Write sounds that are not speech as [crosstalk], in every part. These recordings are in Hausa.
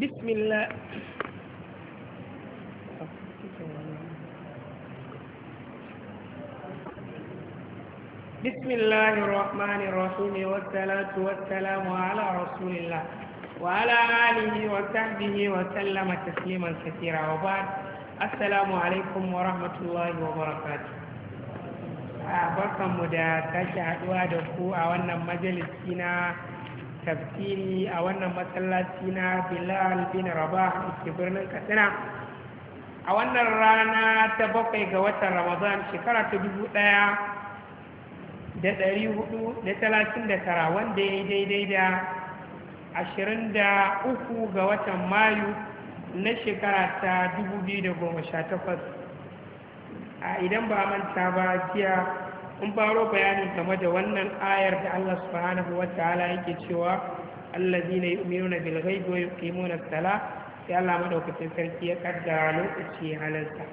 بسم الله بسم الله الرحمن الرحيم والصلاة والسلام على رسول الله وعلى آله وصحبه وسلم تسليما كثيرا وبعد السلام عليكم ورحمة الله وبركاته barkanmu da sake haɗuwa da ku a wannan majalisi na tafsiri a wannan masallaci na bilal bin rabah ke birnin katsina a wannan rana ta bakwai ga watan ramadan shekara ta dubu ɗaya da dari hudu da talatin da tara wanda ya yi daidai da ashirin da uku ga watan mayu na shekara ta dubu biyu da goma sha takwas a idan ba manta ba jiya mun faro bayanin game da wannan ayar da Allah subhanahu wa ta'ala yake cewa allazina yu'minuna bil ghaibi wa yuqimuna as Sala, sai Allah madaukakin sarki ya kaddara lokaci halalta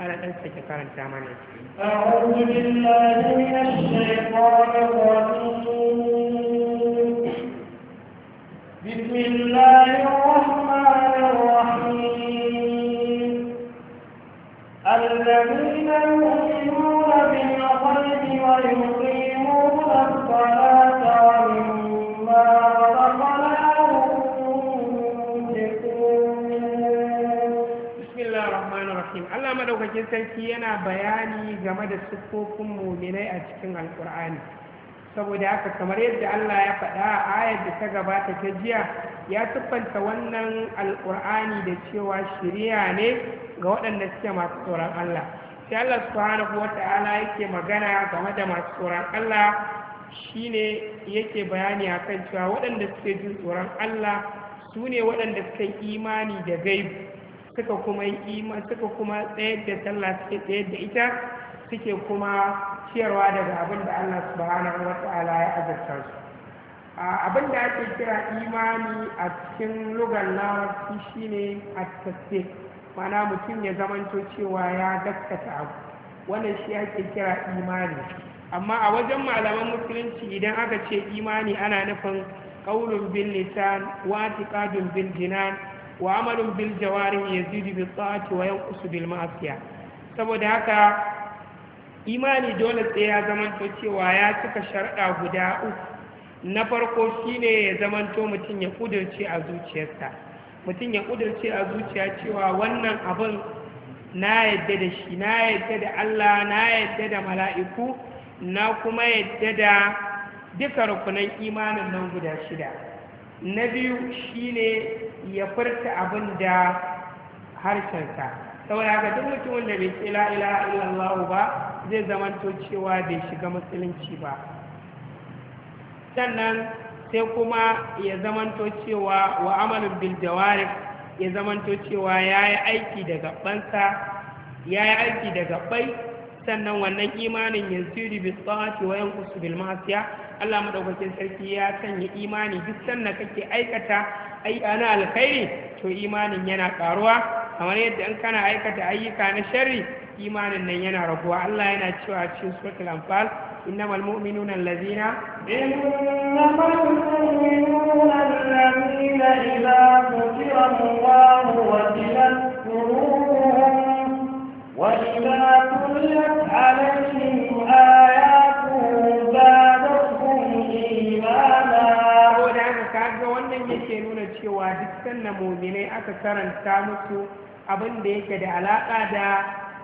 ana dan sake karanta mana أعوذ بالله من الشيطان الرجيم بسم الله الرحمن الرحيم الذين يؤمنون بالغيب ويقيمون الصلاة ومما رزقناهم بسم الله الرحمن الرحيم الله madaukakin sarki yana bayani game da siffofin muminai a cikin alkur'ani saboda haka kamar yadda Allah ya faɗa a ayar da ta gabata ta jiya ya tuffanta wannan alƙur'ani da cewa shiriya ne ga waɗanda suke masu tsoron Allah sai Allah subhanahu wata'ala yake magana game da masu tsoron Allah shine yake bayani akan cewa waɗanda suke jin tsoron Allah su ne waɗanda suka imani da gaibu suka kuma iman suka kuma tsayar da sallah suke tsayar da ita suke kuma ciyarwa daga abin da Allah subhanahu wata'ala ya azurta su abin da ake kira imani a cikin lugar larabci shine attake mana mutum ya zamanto cewa ya daskata abu wannan shi ake kira imani amma a wajen malaman musulunci idan aka ce imani ana nufin qaulun bin Nisan, wa ƙadun bin jinan wa bin Jawarin ya yazidu bin ta'ati wa yanqusu bin mafiya saboda haka imani dole sai ya zamanto cewa ya cika sharaɗa guda uku na farko shi ne ya zamanto mutum ya kudirce a zuciyarsa mutum ya kudirce a zuciya cewa wannan abin na yadda da shi na yadda da Allah na yadda da mala'iku na kuma yadda da duka rukunan imanin nan guda shida na biyu shi ne ya furta abin da harshensa saboda haka duk mutumin da bai ce la ba zai zamanto cewa bai shiga musulunci ba sannan sai kuma ya zamanto cewa wa amalin bil jawarif ya zamanto cewa ya yi aiki da gabansa ya yi aiki da gabai sannan wannan imanin yanzu bi tsawati wa yankusu bil masiya Allah madaukakin sarki ya sanya imani duk sannan kake aikata ayyuka na alkhairi to imanin yana karuwa kamar yadda in kana aikata ayyuka na sharri imanin nan yana raguwa Allah yana cewa cikin suratul anfal إنما المؤمنون الذين إنما المؤمنون الذين إذا ذكر الله وجلت قلوبهم وإذا تليت عليهم آياته زادتهم إيمانا wannan yake nuna cewa duk sannan muminai aka karanta musu abin da yake da alaƙa da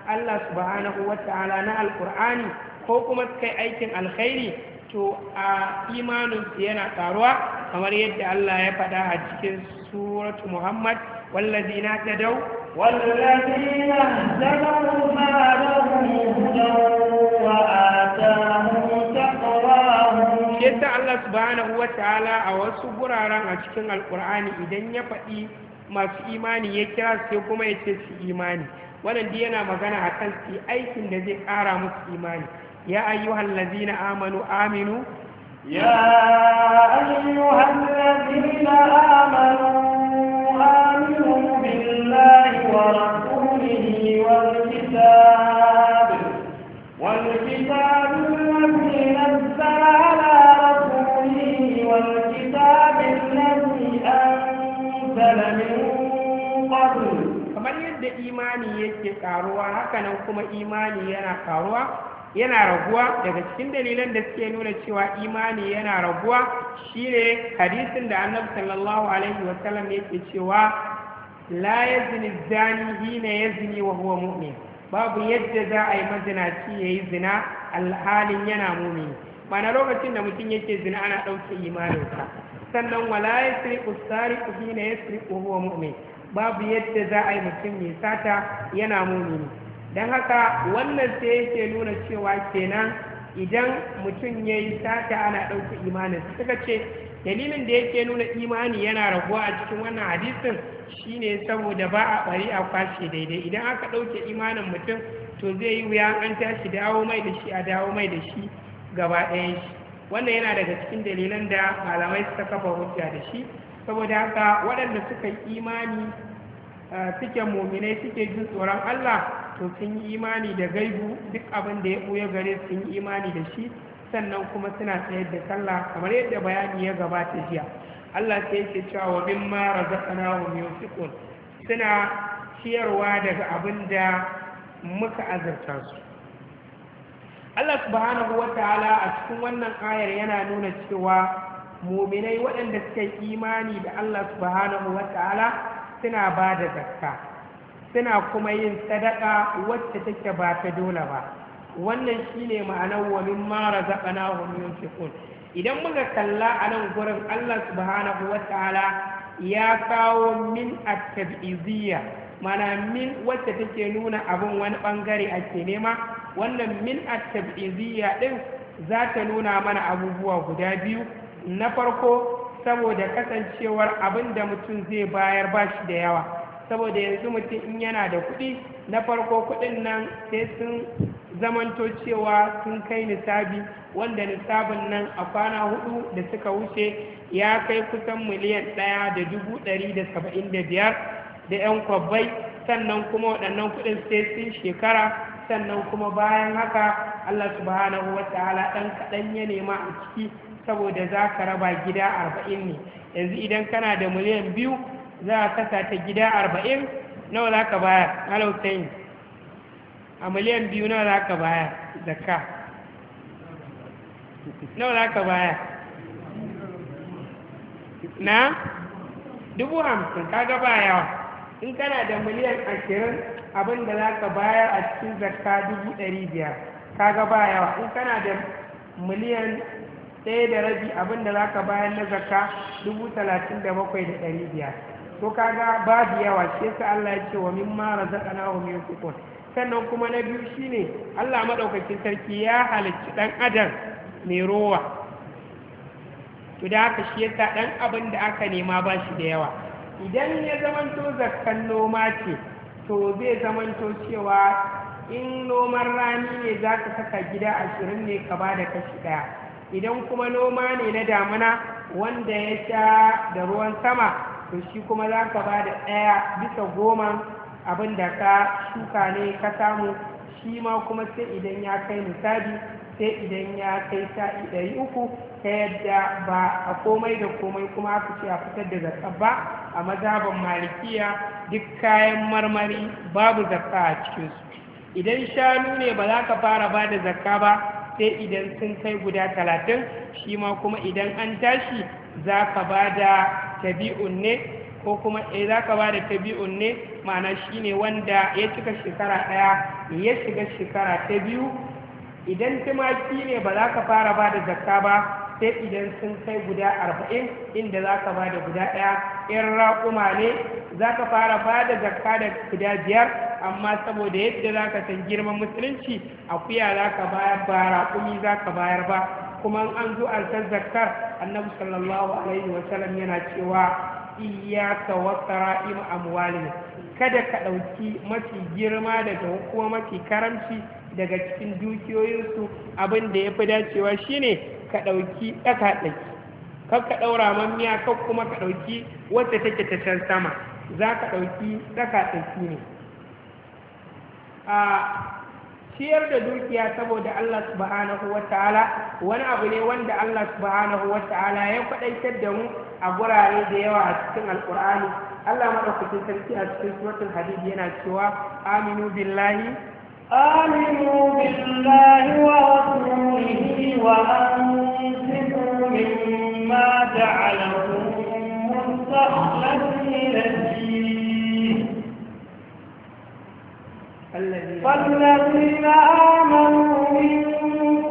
Allah subhanahu wa ta'ala na alƙur'ani ko kuma suka yi aikin alkhairi to a imaninsu yana karuwa kamar yadda Allah ya faɗa a cikin suratu Muhammad wallazi na ta dau wallazi na ta dau ma wa atahum yadda Allah subhanahu wa ta'ala a wasu guraren a cikin alkur'ani idan ya faɗi masu imani ya kira sai kuma ya ce su imani wannan yana magana akan su aikin da zai ƙara musu imani يا أيها الذين آمنوا آمنوا يا أيها الذين آمنوا آمنوا بالله ورسوله والكتاب والكتاب الذي نزل على رسوله والكتاب الذي أنزل من قبل فمن يد إيماني yake karuwa هكذا نقوم إيماني yana karuwa yana raguwa daga cikin dalilan da suke nuna cewa imani yana raguwa shine hadisin da annabi sallallahu alaihi sallam yake cewa la yazni zani hina yazni wa huwa mu'min babu yadda za a yi mazinaci ya yi zina alhalin yana mu'min mana lokacin da mutum yake zina ana ɗauke imaninsa sannan wala yasri siri hina yasri na huwa mu'min babu yadda za a yi mutum mai sata yana mumini don haka wannan sai yake nuna cewa kenan idan mutum ya yi sata ana ɗauke imanin suka ce dalilin da yake nuna imani yana raguwa a cikin wannan hadisin shine saboda ba a bari a kwashe daidai idan aka ɗauke imanin mutum to zai yi wuya an tashi dawo mai da shi a dawo mai da shi gaba ɗaya shi wannan yana daga cikin dalilan da malamai suka kafa hujja da shi saboda haka waɗanda suka imani eh, suke muminai suke jin tsoron allah to sun yi imani da gaibu duk abin da ya ɓuya gare sun yi imani da shi sannan kuma suna tsayar da sallah kamar yadda bayani ya gabata jiya Allah sai yake cewa wa bin ma wa yusiqun suna ciyarwa daga abin da muka azurta su Allah subhanahu wataala a cikin wannan ayar yana nuna cewa muminai waɗanda suka imani da Allah subhanahu wataala suna ba da zakka suna kuma yin sadaka wacce take ba ta dole ba wannan shine ma'anar wa mimma razaqnahum yunfiqun idan muka kalla a nan gurin Allah subhanahu ta'ala ya kawo min a tabiziyya mana min wacce take nuna abin wani bangare ke nema wannan min a tabiziyya din za ta nuna mana abubuwa guda biyu na farko saboda kasancewar abin da mutum zai bayar ba shi da yawa saboda yanzu mutum in yana da kuɗi na farko kuɗin nan sai sun zamanto cewa sun kai nisabi wanda nisabin nan a kwana hudu da suka wuce ya kai kusan miliyan ɗaya da dubu ɗari da saba'in da biyar da 'yan kwabbai sannan kuma waɗannan kuɗin sai sun shekara sannan kuma bayan haka Allah subhanahu wa ta'ala ɗan kaɗan ya nema a ciki saboda za ka raba gida arba'in ne yanzu idan kana da miliyan biyu za a kasa ta gida arba'in nawa za ka bayar alausayin a miliyan biyu nawa za ka bayar na nawa za ka bayar na dubu hamsin kaga ba yawa in kana da miliyan ashirin abin da za ka bayar a cikin zakka dubu ɗari biyar kaga ba yawa in kana da miliyan ɗaya da rabi abin da za ka bayar na zakka dubu talatin da bakwai da ɗari biyar to kaga babu yawa shi yasa Allah ya ce wa mimma razaqnahum yunfiqun sannan kuma na biyu shine Allah madaukakin sarki ya halicci dan adam mai rowa to da haka shi yasa dan abin da aka nema ba shi da yawa idan ya zamanto zakkan noma ce to zai zamanto cewa in noman rani ne za ka saka gida ashirin ne ka ba da kashi ɗaya idan kuma noma ne na damuna wanda ya sha da ruwan sama to shi kuma za ka ba da ɗaya bisa goma abin da ka shuka ne ka samu shi ma kuma sai idan ya kai misali sai idan ya kai sa'i ɗari uku ka yadda ba a komai da komai kuma aka ce a fitar da zakka ba a mazaban malikiya duk kayan marmari babu zakka a cikinsu idan shanu ne ba za ka fara ba da zakka ba sai idan sun kai guda talatin shi ma kuma idan an tashi za ka ba da tabi'un ne ko kuma eh za ka ba da tabi'un ne ma'ana shi ne wanda ya cika shekara ɗaya ya shiga shekara ta biyu idan tumaki ne ba za ka fara ba da zakka ba sai idan sun kai guda arba'in inda za ka ba da guda ɗaya in raƙuma ne za ka fara ba da zakka da guda biyar amma saboda yadda za ka san girman musulunci akuya za ka bayar ba raƙumi za ka bayar ba kuma an zo altar zakkar annabi sallallahu alaihi sallam yana cewa iyyaka wa sara'im amwalina kada ka ɗauki mafi girma daga kuma mafi karamci daga cikin dukiyoyinsu abin da ya fi dacewa shine ka ɗauki ɗaka-ɗaki kar ka ɗaura mamiya kar kuma ka ɗauki wacce take ta can sama za ka ɗauki ɗaka-ɗaki ne ciyar da dukiya saboda Allah subhanahu ta'ala wani abu ne wanda Allah subhanahu ta'ala ya kwadaitar da mu a gurare da yawa a cikin alkur'ani Allah madaukakin sarki a cikin suratul hadid yana cewa aminu billahi aminu billahi wa rasulihi wa anfiqu mimma ja'alakum mustakhlifin fihi فالذين آمنوا منكم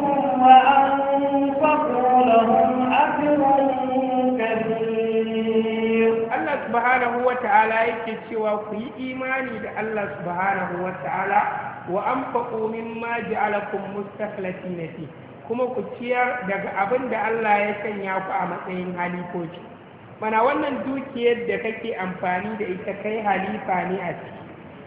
wa yake cewa ku yi imani da Allah Subhanahu wa ta’ala wa an faƙo min maji alakun na fi kuma ku ciyar daga abin da Allah ya sanya ku a matsayin halifoci. Mana wannan dukiyar da kake amfani da ita kai halifa ne a ciki.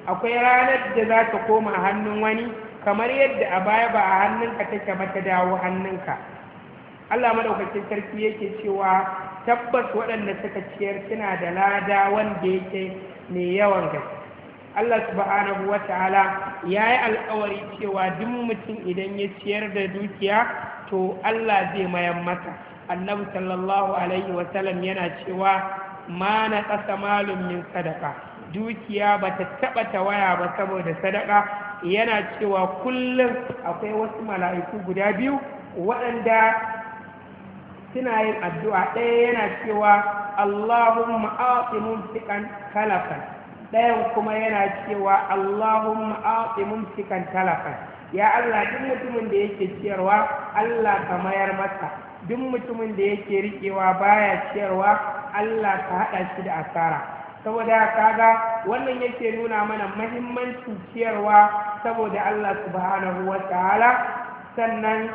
akwai ranar da za ta koma hannun wani kamar yadda a baya ba a hannunka take ba ta dawo hannunka Allah madaukakin sarki yake cewa tabbas waɗanda suka ciyar suna da lada wanda yake mai yawan gaske Allah subhanahu wata'ala ya yi alkawari cewa duk mutum idan ya ciyar da dukiya to Allah zai mayan mata annabi sallallahu alaihi wasallam yana cewa ma na ƙasa malum min sadaka dukiya ba ta taɓa tawaya ba saboda sadaka yana cewa kullum akwai wasu mala'iku guda biyu waɗanda suna yin addu'a ɗaya yana cewa Allahumma aati mumsikan talafan ɗayan kuma yana cewa Allahumma aati mumsikan talafan ya Allah duk mutumin da yake ciyarwa Allah ka mayar masa duk mutumin da yake riƙewa baya ciyarwa Allah ka haɗa shi da asara saboda kaga wannan yake nuna mana mahimmancin ciyarwa saboda Allah subhanahu wa ta'ala sannan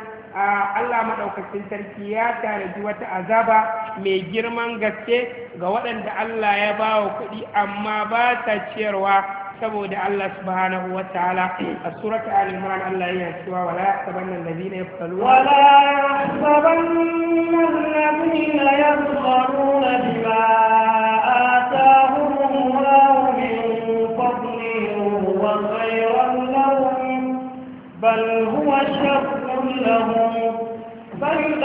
Allah maɗaukacin sarki ya tanaji wata azaba mai girman gaske ga waɗanda Allah ya ba wa kuɗi amma ba ta ciyarwa سبود الله سبحانه وتعالى السورة آل عمران الله يسوى ولا يحسبن الذين يبخلون ولا يحسبن الذين يبخلون بما آتاهم الله من فضله هو خيرا لهم بل هو شر لهم بل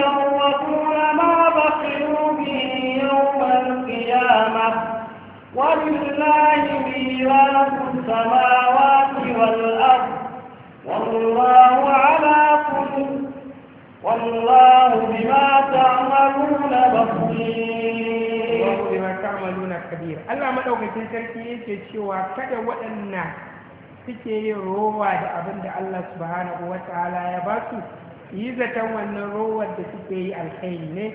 ما بخلوا به يوم القيامة ولله ميراث السماوات والأرض والله على كل والله بما تعملون بصير بما تعملون خبير الله ما لو كنت تركي cewa kada waɗannan suke yin rowa da abin da Allah subhanahu wa ta'ala ya ba su yi zaton wannan rowar da suke yi alkhairi ne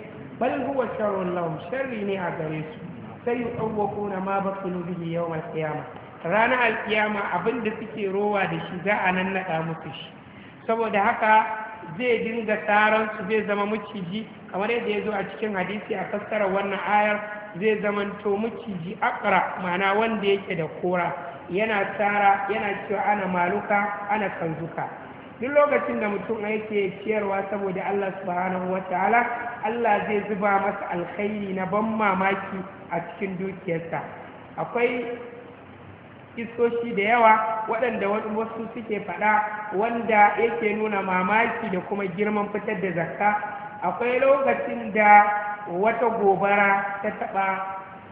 bal huwa sharrun lahum sharri ne a gare su sai yutawwaquna ma nufi ne yau alƙiyama qiyamah rana alkiyama abin da suke rowa da shi za a nan naɗa musu shi saboda haka zai dinga tsaron su zai zama maciji kamar yadda ya zo a cikin hadisi a fassara wannan ayar zai zama to maciji akra ma'ana wanda yake da kora yana tsara yana cewa ana maluka ana kanzuka duk lokacin da mutum yake ciyarwa saboda Allah subhanahu ta'ala Allah zai zuba masa alkhairi na ban mamaki a cikin dukiyarsa akwai kisoshi da yawa waɗanda wasu suke faɗa wanda yake nuna mamaki da kuma girman fitar da zakka akwai lokacin da wata gobara ta taɓa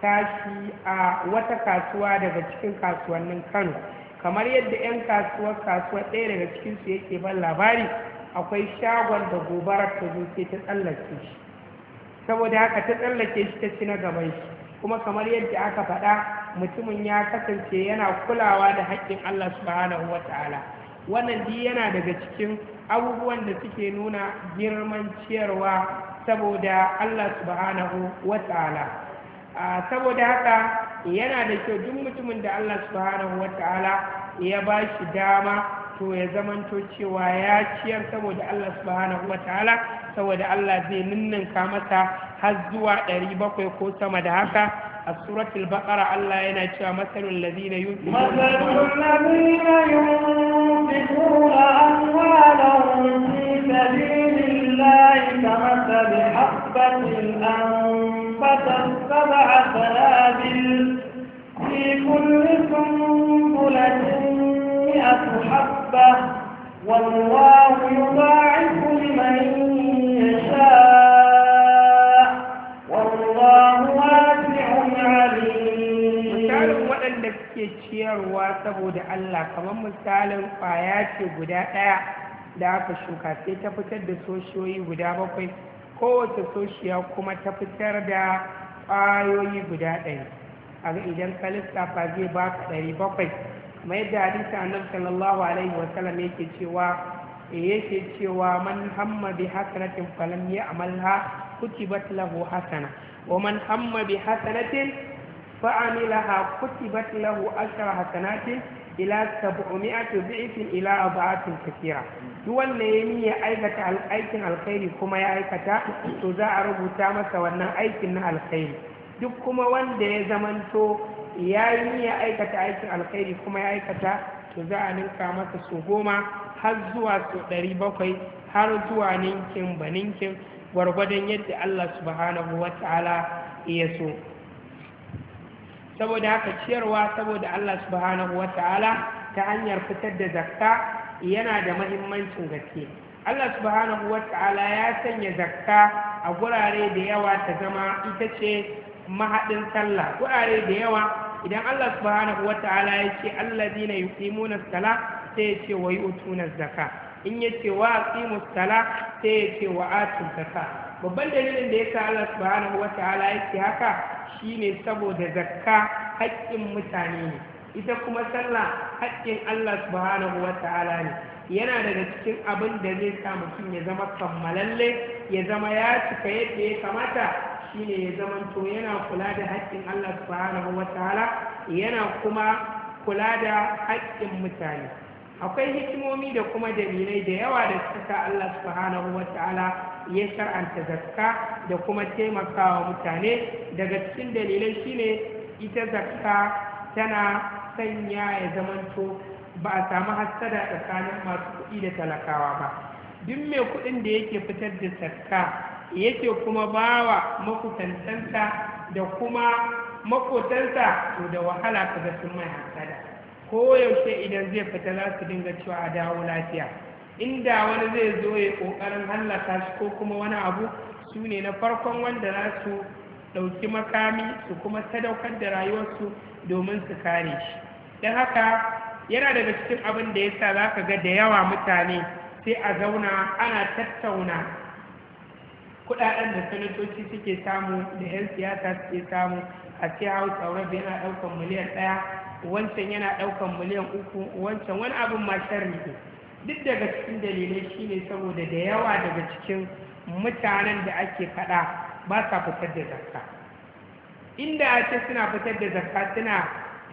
tashi a wata kasuwa daga cikin kasuwannin kano kamar yadda 'yan kasuwar kasuwar ɗaya daga cikinsu yake ban labari akwai shagon da gobarar ta zo ta tsallake shi saboda haka ta tsallake shi ta ci na gaban shi kuma kamar yadda aka faɗa mutumin ya kasance yana kulawa da haƙƙin Allah subhanahu wa ta'ala wannan di yana daga cikin abubuwan da suke nuna girman ciyarwa saboda Allah subhanahu wa ta'ala saboda haka yana da kyau duk mutumin da Allah subhanahu wata'ala ya ba shi dama to ya zamanto cewa ya ciyar saboda Allah subhanahu wata'ala saboda Allah zai ninninka masa har zuwa ɗari ko sama da haka a suratul baqara Allah yana cewa masalul ladina yunfiquna amwalahum fi sabilillahi kamathali habatin سبع سنابل في كل سنبلة مئة حبة والله يضاعف لمن يشاء والله واسع عليم misalin waɗanda suke ciyarwa saboda Allah kamar misalin ƙwaya ce guda ɗaya da aka shuka sai ta fitar da soshiyoyi guda bakwai kowace soshiya kuma ta fitar da ayoyi guda ɗari a ga idan ka lissafa zai ba ka ɗari bakwai mai da hadisi annabi sallallahu alaihi wa sallam yake cewa eh, yake cewa man hamma bi hasanatin falam amalha kutibat lahu hasana wa man hamma bi hasanatin amilaha kutibat lahu ashra hasanatin ila sab'umi'ati dhi'fin ila adha'atin kathira duk wanda ya niyya aikata aikin alkhairi kuma ya aikata to za a rubuta masa wannan aikin na alkhairi duk kuma wanda ya zamanto ya yi niyya aikata aikin alkhairi kuma ya aikata to za a ninka masa su goma har zuwa su ɗari bakwai har zuwa ninkin ba ninkin gwargwadon yadda Allah subhanahu wa ta'ala iya so saboda haka ciyarwa saboda Allah subhanahu ta'ala ta hanyar fitar da zakka yana da mahimmancin gaske Allah subhanahu ta'ala ya sanya zakka a gurare da yawa ta zama ita ce mahaɗin sallah gurare da yawa idan Allah subhanahu ta'ala ya ce allazina yuqimuna sala sai ya ce wa yu'tuna zaka. in ya ce wa aqimus sala sai ya ce wa atuz zaka. babban dalilin da ya sa Allah subhanahu wata'ala yake haka shine saboda zakka haƙƙin mutane ne ita kuma sallah haƙƙin Allah subhanahu wata'ala ne yana daga cikin abin da zai sa mutum ya zama kammalalle ya zama ya cika yadda ya kamata shine ya zama to yana kula da haƙƙin Allah subhanahu wata'ala yana kuma kula da haƙƙin mutane akwai hikimomi da kuma dalilai da yawa da suka Allah subhanahu wata'ala ya shar'anta zakka da kuma taimakawa mutane daga cikin dalilai shine ita zakka tana sanya ya zamanto ba a samu hassada tsakanin masu kuɗi da talakawa ba duk mai kuɗin da yake fitar da zakka yake kuma bawa makusantansa da kuma makotansa to da wahala ga sun mai hassada ko yaushe idan zai fita za su dinga cewa a dawo lafiya inda wani zai zo ya kokarin hallaka shi ko kuma wani abu su ne na farkon wanda za su ɗauki makami su kuma sadaukar da rayuwarsu domin su kare shi don haka yana daga cikin abin da ya sa za ka ga da yawa mutane sai a zauna ana tattauna kudaden da sanatoci suke samu da 'yan siyasa suke samu a ce hausa rabi yana daukan miliyan ɗaya wancan yana ɗaukan miliyan uku wancan wani abin ma sharri ne duk daga cikin dalilai shine saboda da yawa daga cikin mutanen da ake faɗa ba sa fitar da zakka inda a suna fitar da zakka suna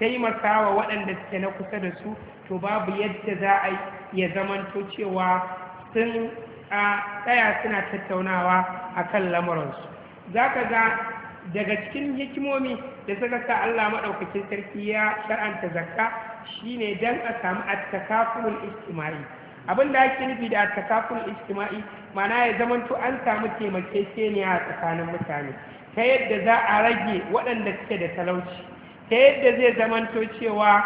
taimakawa waɗanda suke na kusa da su to babu yadda za a ya zamanto cewa sun a tsaya suna tattaunawa a kan lamuransu za ka ga daga cikin hikimomi da suka sa allah maɗaukakin sarki ya shar'anta zakka shine dan a samu at-takafulul ijtimai abin da ake nufi da at-takafulul ijtimai mana ya zamanto an samu taimakekeniya a tsakanin mutane ta yadda za a rage waɗanda suke da talauci ta yadda zai zamanto cewa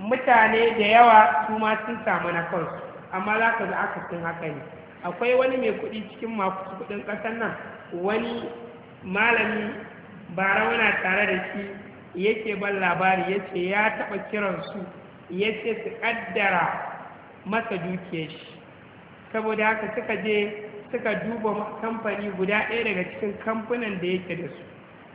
mutane da yawa su ma sun samu na kansu amma za ka za aka haka ne akwai wani mai kuɗi cikin masu kuɗin ƙasar nan wani malami bara muna tare da shi yake ban labari ya ce ya taɓa kiransu ya ce su ƙaddara masa dukiyar shi saboda haka suka je suka duba kamfani guda ɗaya daga cikin kamfanin da yake da su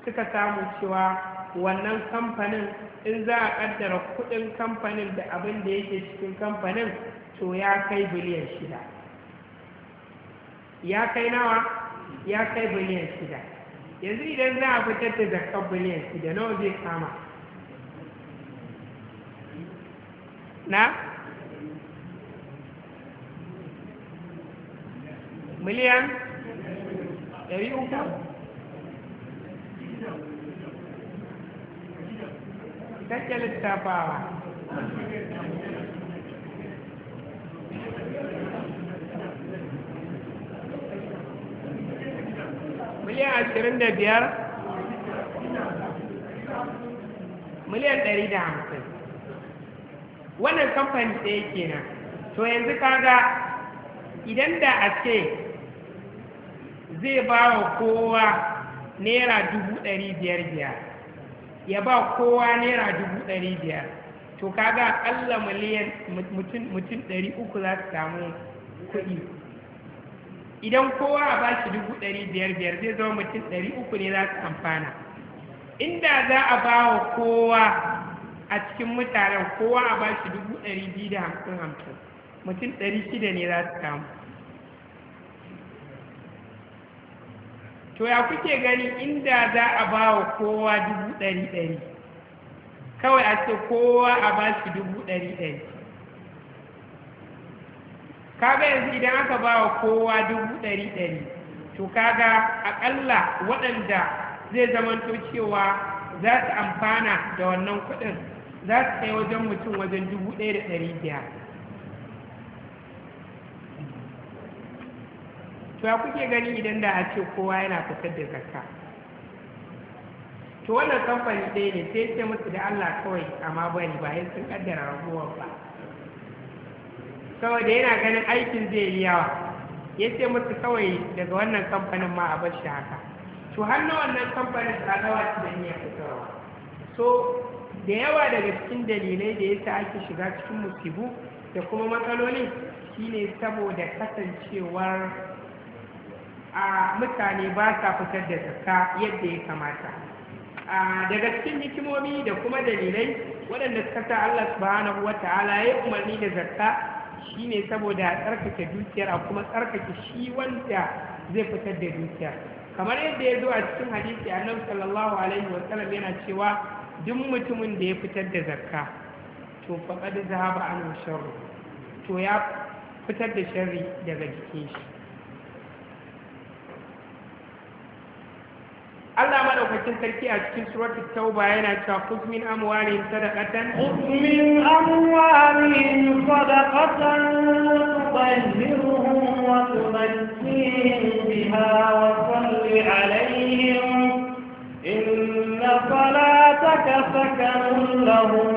suka samu cewa wannan kamfanin in za a ƙaddara kuɗin kamfanin da abin da yake cikin kamfanin to ya kai biliyan shida ya kai nawa ya kai biliyan shida yanzu idan za a fitar da zakar biliyan da nawa zai kama na miliyan 300 kake littafawa ashirin da biyar miliyan ɗari da hamsin wannan kamfani ɗaya kenan to yanzu kaga idan da a ce zai ba wa kowa naira dubu ɗari biyar biyar ya ba kowa naira dubu ɗari biyar to kaga akalla miliyan mutum ɗari uku za su samu kuɗi idan kowa a ba shi dubu ɗari biyar biyar zai zama mutum ɗari uku ne za su amfana inda za a ba wa kowa a cikin mutanen kowa a ba shi dubu ɗari biyu da hamsin hamsin mutum ɗari shida ne za su samu to ya kuke gani inda za a ba wa kowa dubu ɗari ɗari kawai a ce kowa a ba shi dubu ɗari ɗari kaga yanzu idan aka ba wa kowa dubu ɗari ɗari to kaga aƙalla waɗanda zai zamanto cewa za su amfana da wannan kuɗin za su kai wajen mutum wajen dubu ɗaya da ɗari biyar to ya kuke gani idan da a ce kowa yana fitar da zakka to wannan kamfani ɗaya ne sai sai musu da allah kawai amma bari bayan sun ƙaddara ragowar ba saboda yana ganin aikin zai yi yawa ya ce musu kawai daga wannan kamfanin ma a bashi haka to hannun wannan kamfanin tsadawa su da niyyar fitarwa so da yawa daga cikin dalilai da ya sa ake shiga cikin musibu da kuma matsalolin shine saboda kasancewar a mutane ba sa fitar da zakka yadda ya kamata daga cikin hikimomi da kuma dalilai waɗanda suka sa Allah subhanahu ta'ala ya umarni da zakka shi ne saboda a tsarkake dukiyar a kuma tsarkake shi wanda zai fitar da dukiyar. kamar yadda ya zo a cikin hadisi nan sallallahu alaihi sallam yana cewa duk mutumin da ya fitar da zakka to faɗa da zahaba anhu to ya fitar da sharri daga jikin shi Allah madaukakin sarki a cikin suratul tauba yana cewa khudh min amwalihim sadaqatan khudh min amwalihim sadaqatan tutahhiruhum wa tuzakkihim biha wa salli alaihim inna salataka sakanun lahum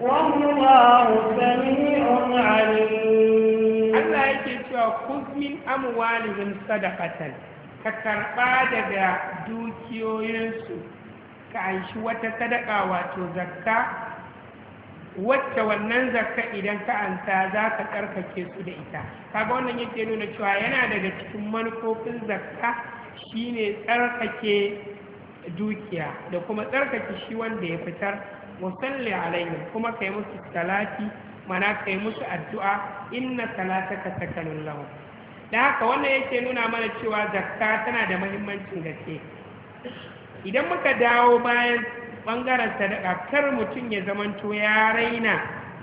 wallahu samii'un 'aliim Allah yake cewa khudh min amwalihim sadaqatan ka karɓa daga dukiyoyinsu ka anshi wata sadaka wato zakka wacce wannan zakka idan ka anta za ka tsarkake su da ita kaga wannan yake nuna cewa yana daga cikin manufofin zakka shine tsarkake dukiya da kuma tsarkake shi wanda ya fitar musalli alaihim kuma kai musu salati mana kai musu addu'a inna salataka sakanun lahum da haka wannan yake nuna mana cewa zakka tana da mahimmancin gaske idan muka dawo bayan bangaren sadaka kar mutum ya zamanto ya raina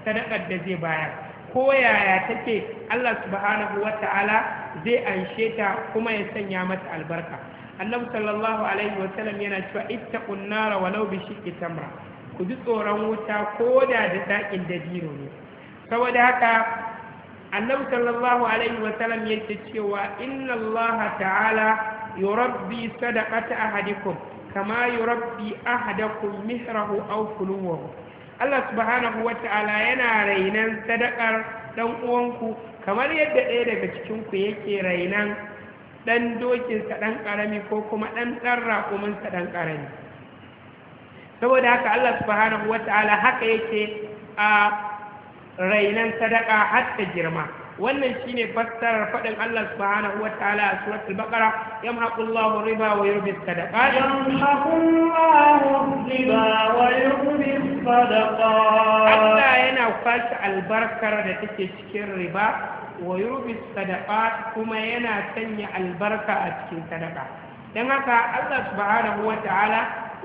sadakar da zai bayar ko yaya take Allah subhanahu wata'ala zai anshe ta kuma ya sanya mata albarka annabi sallallahu alaihi wa Sallam yana cewa ittaqun nara walau bi shiqqi tamra ku ji tsoron wuta ko da da dakin dadiro ne saboda haka annabi sallallahu alaihi wa ya yake cewa inna Allah ta'ala yurabbi sadaqata ahadikum kama yurabbi ahadakum mihrahu aw kulwahu Allah subhanahu ta'ala yana rainan sadakar dan uwanku kamar yadda ɗaya daga cikin ku yake rainan dan dokinsa dan karami ko kuma dan dan raƙuminsa dan karami saboda haka Allah subhanahu ta'ala haka yake a rainan sadaka har ta girma wannan shine fassarar fadin Allah subhanahu wa ta'ala a suratul baqara yamhaqullahu riba wa yurbi sadaqat yamhaqullahu riba wa yurbi sadaqat Allah yana kwashi albarkar da take cikin riba wa yurbi sadaqat kuma yana sanya albarka a cikin sadaka dan haka Allah subhanahu wa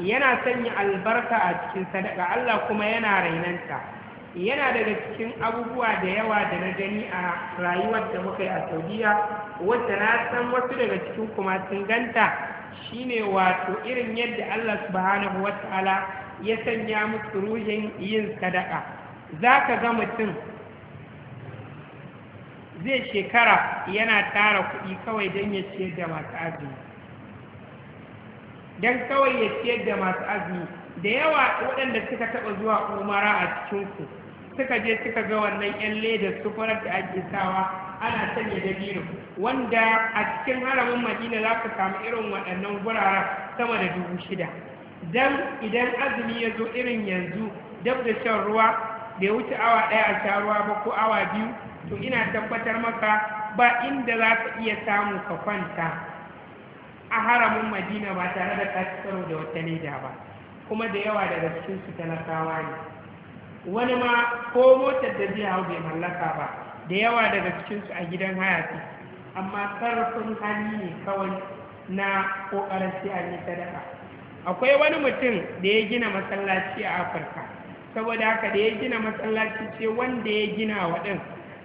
yana sanya albarka a cikin sadaka Allah kuma yana rainanta yana daga cikin abubuwa da yawa da na gani a rayuwar da muka yi a saudiya wadda na san wasu daga cikin kuma sun ganta shine wato irin yadda allah subhanahu wata'ala ya sanya musu ruhin yin sadaka za ka ga mutum zai shekara yana tara kuɗi kawai don ya ciyar da masu azumi don kawai ya ciyar da masu azumi da yawa waɗanda suka taɓa zuwa umara a cikinku suka je suka ga wannan yan ledar sufurar da ake sawa ana sanya dabino wanda a cikin haramin madina za ka samu irin waɗannan guraren sama da dubu shida dan idan azumi ya zo irin yanzu dab da shan ruwa da ya wuce awa ɗaya a sha ruwa ba ko awa biyu to ina tabbatar maka ba inda za ka iya samu ka kwanta a haramin madina ba tare da ka da wata leda ba kuma da yawa daga cikinsu talakawa ne wani ma ko motar da zai hau bai mallaka ba da yawa daga cikinsu a gidan ce amma sarrafin hali ne kawai na ƙoƙarin sai an yi sadaka akwai wani mutum da ya gina masallaci a afirka saboda haka da ya gina masallaci ce wanda ya gina ɗin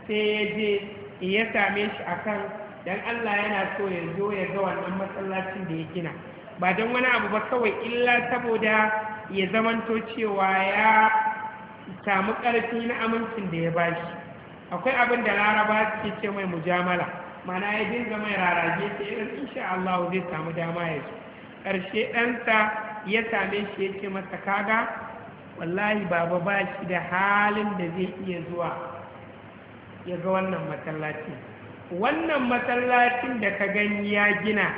sai ya je ya same shi akan don allah yana so ya zo ya ga wannan masallacin da ya gina ba don wani abu ba kawai illa saboda ya zamanto cewa ya samu ƙarfi na amincin da ya ba shi. akwai abin da laraba suke ce mai mujamala mana ya dinga mai rarage ta irin insha Allah zai samu dama ya ce. ƙarshe ɗansa ya same shi ya ce masa kaga wallahi baba ba shi da halin da zai iya zuwa ya ga wannan masallacin wannan masallacin da ka gani ya gina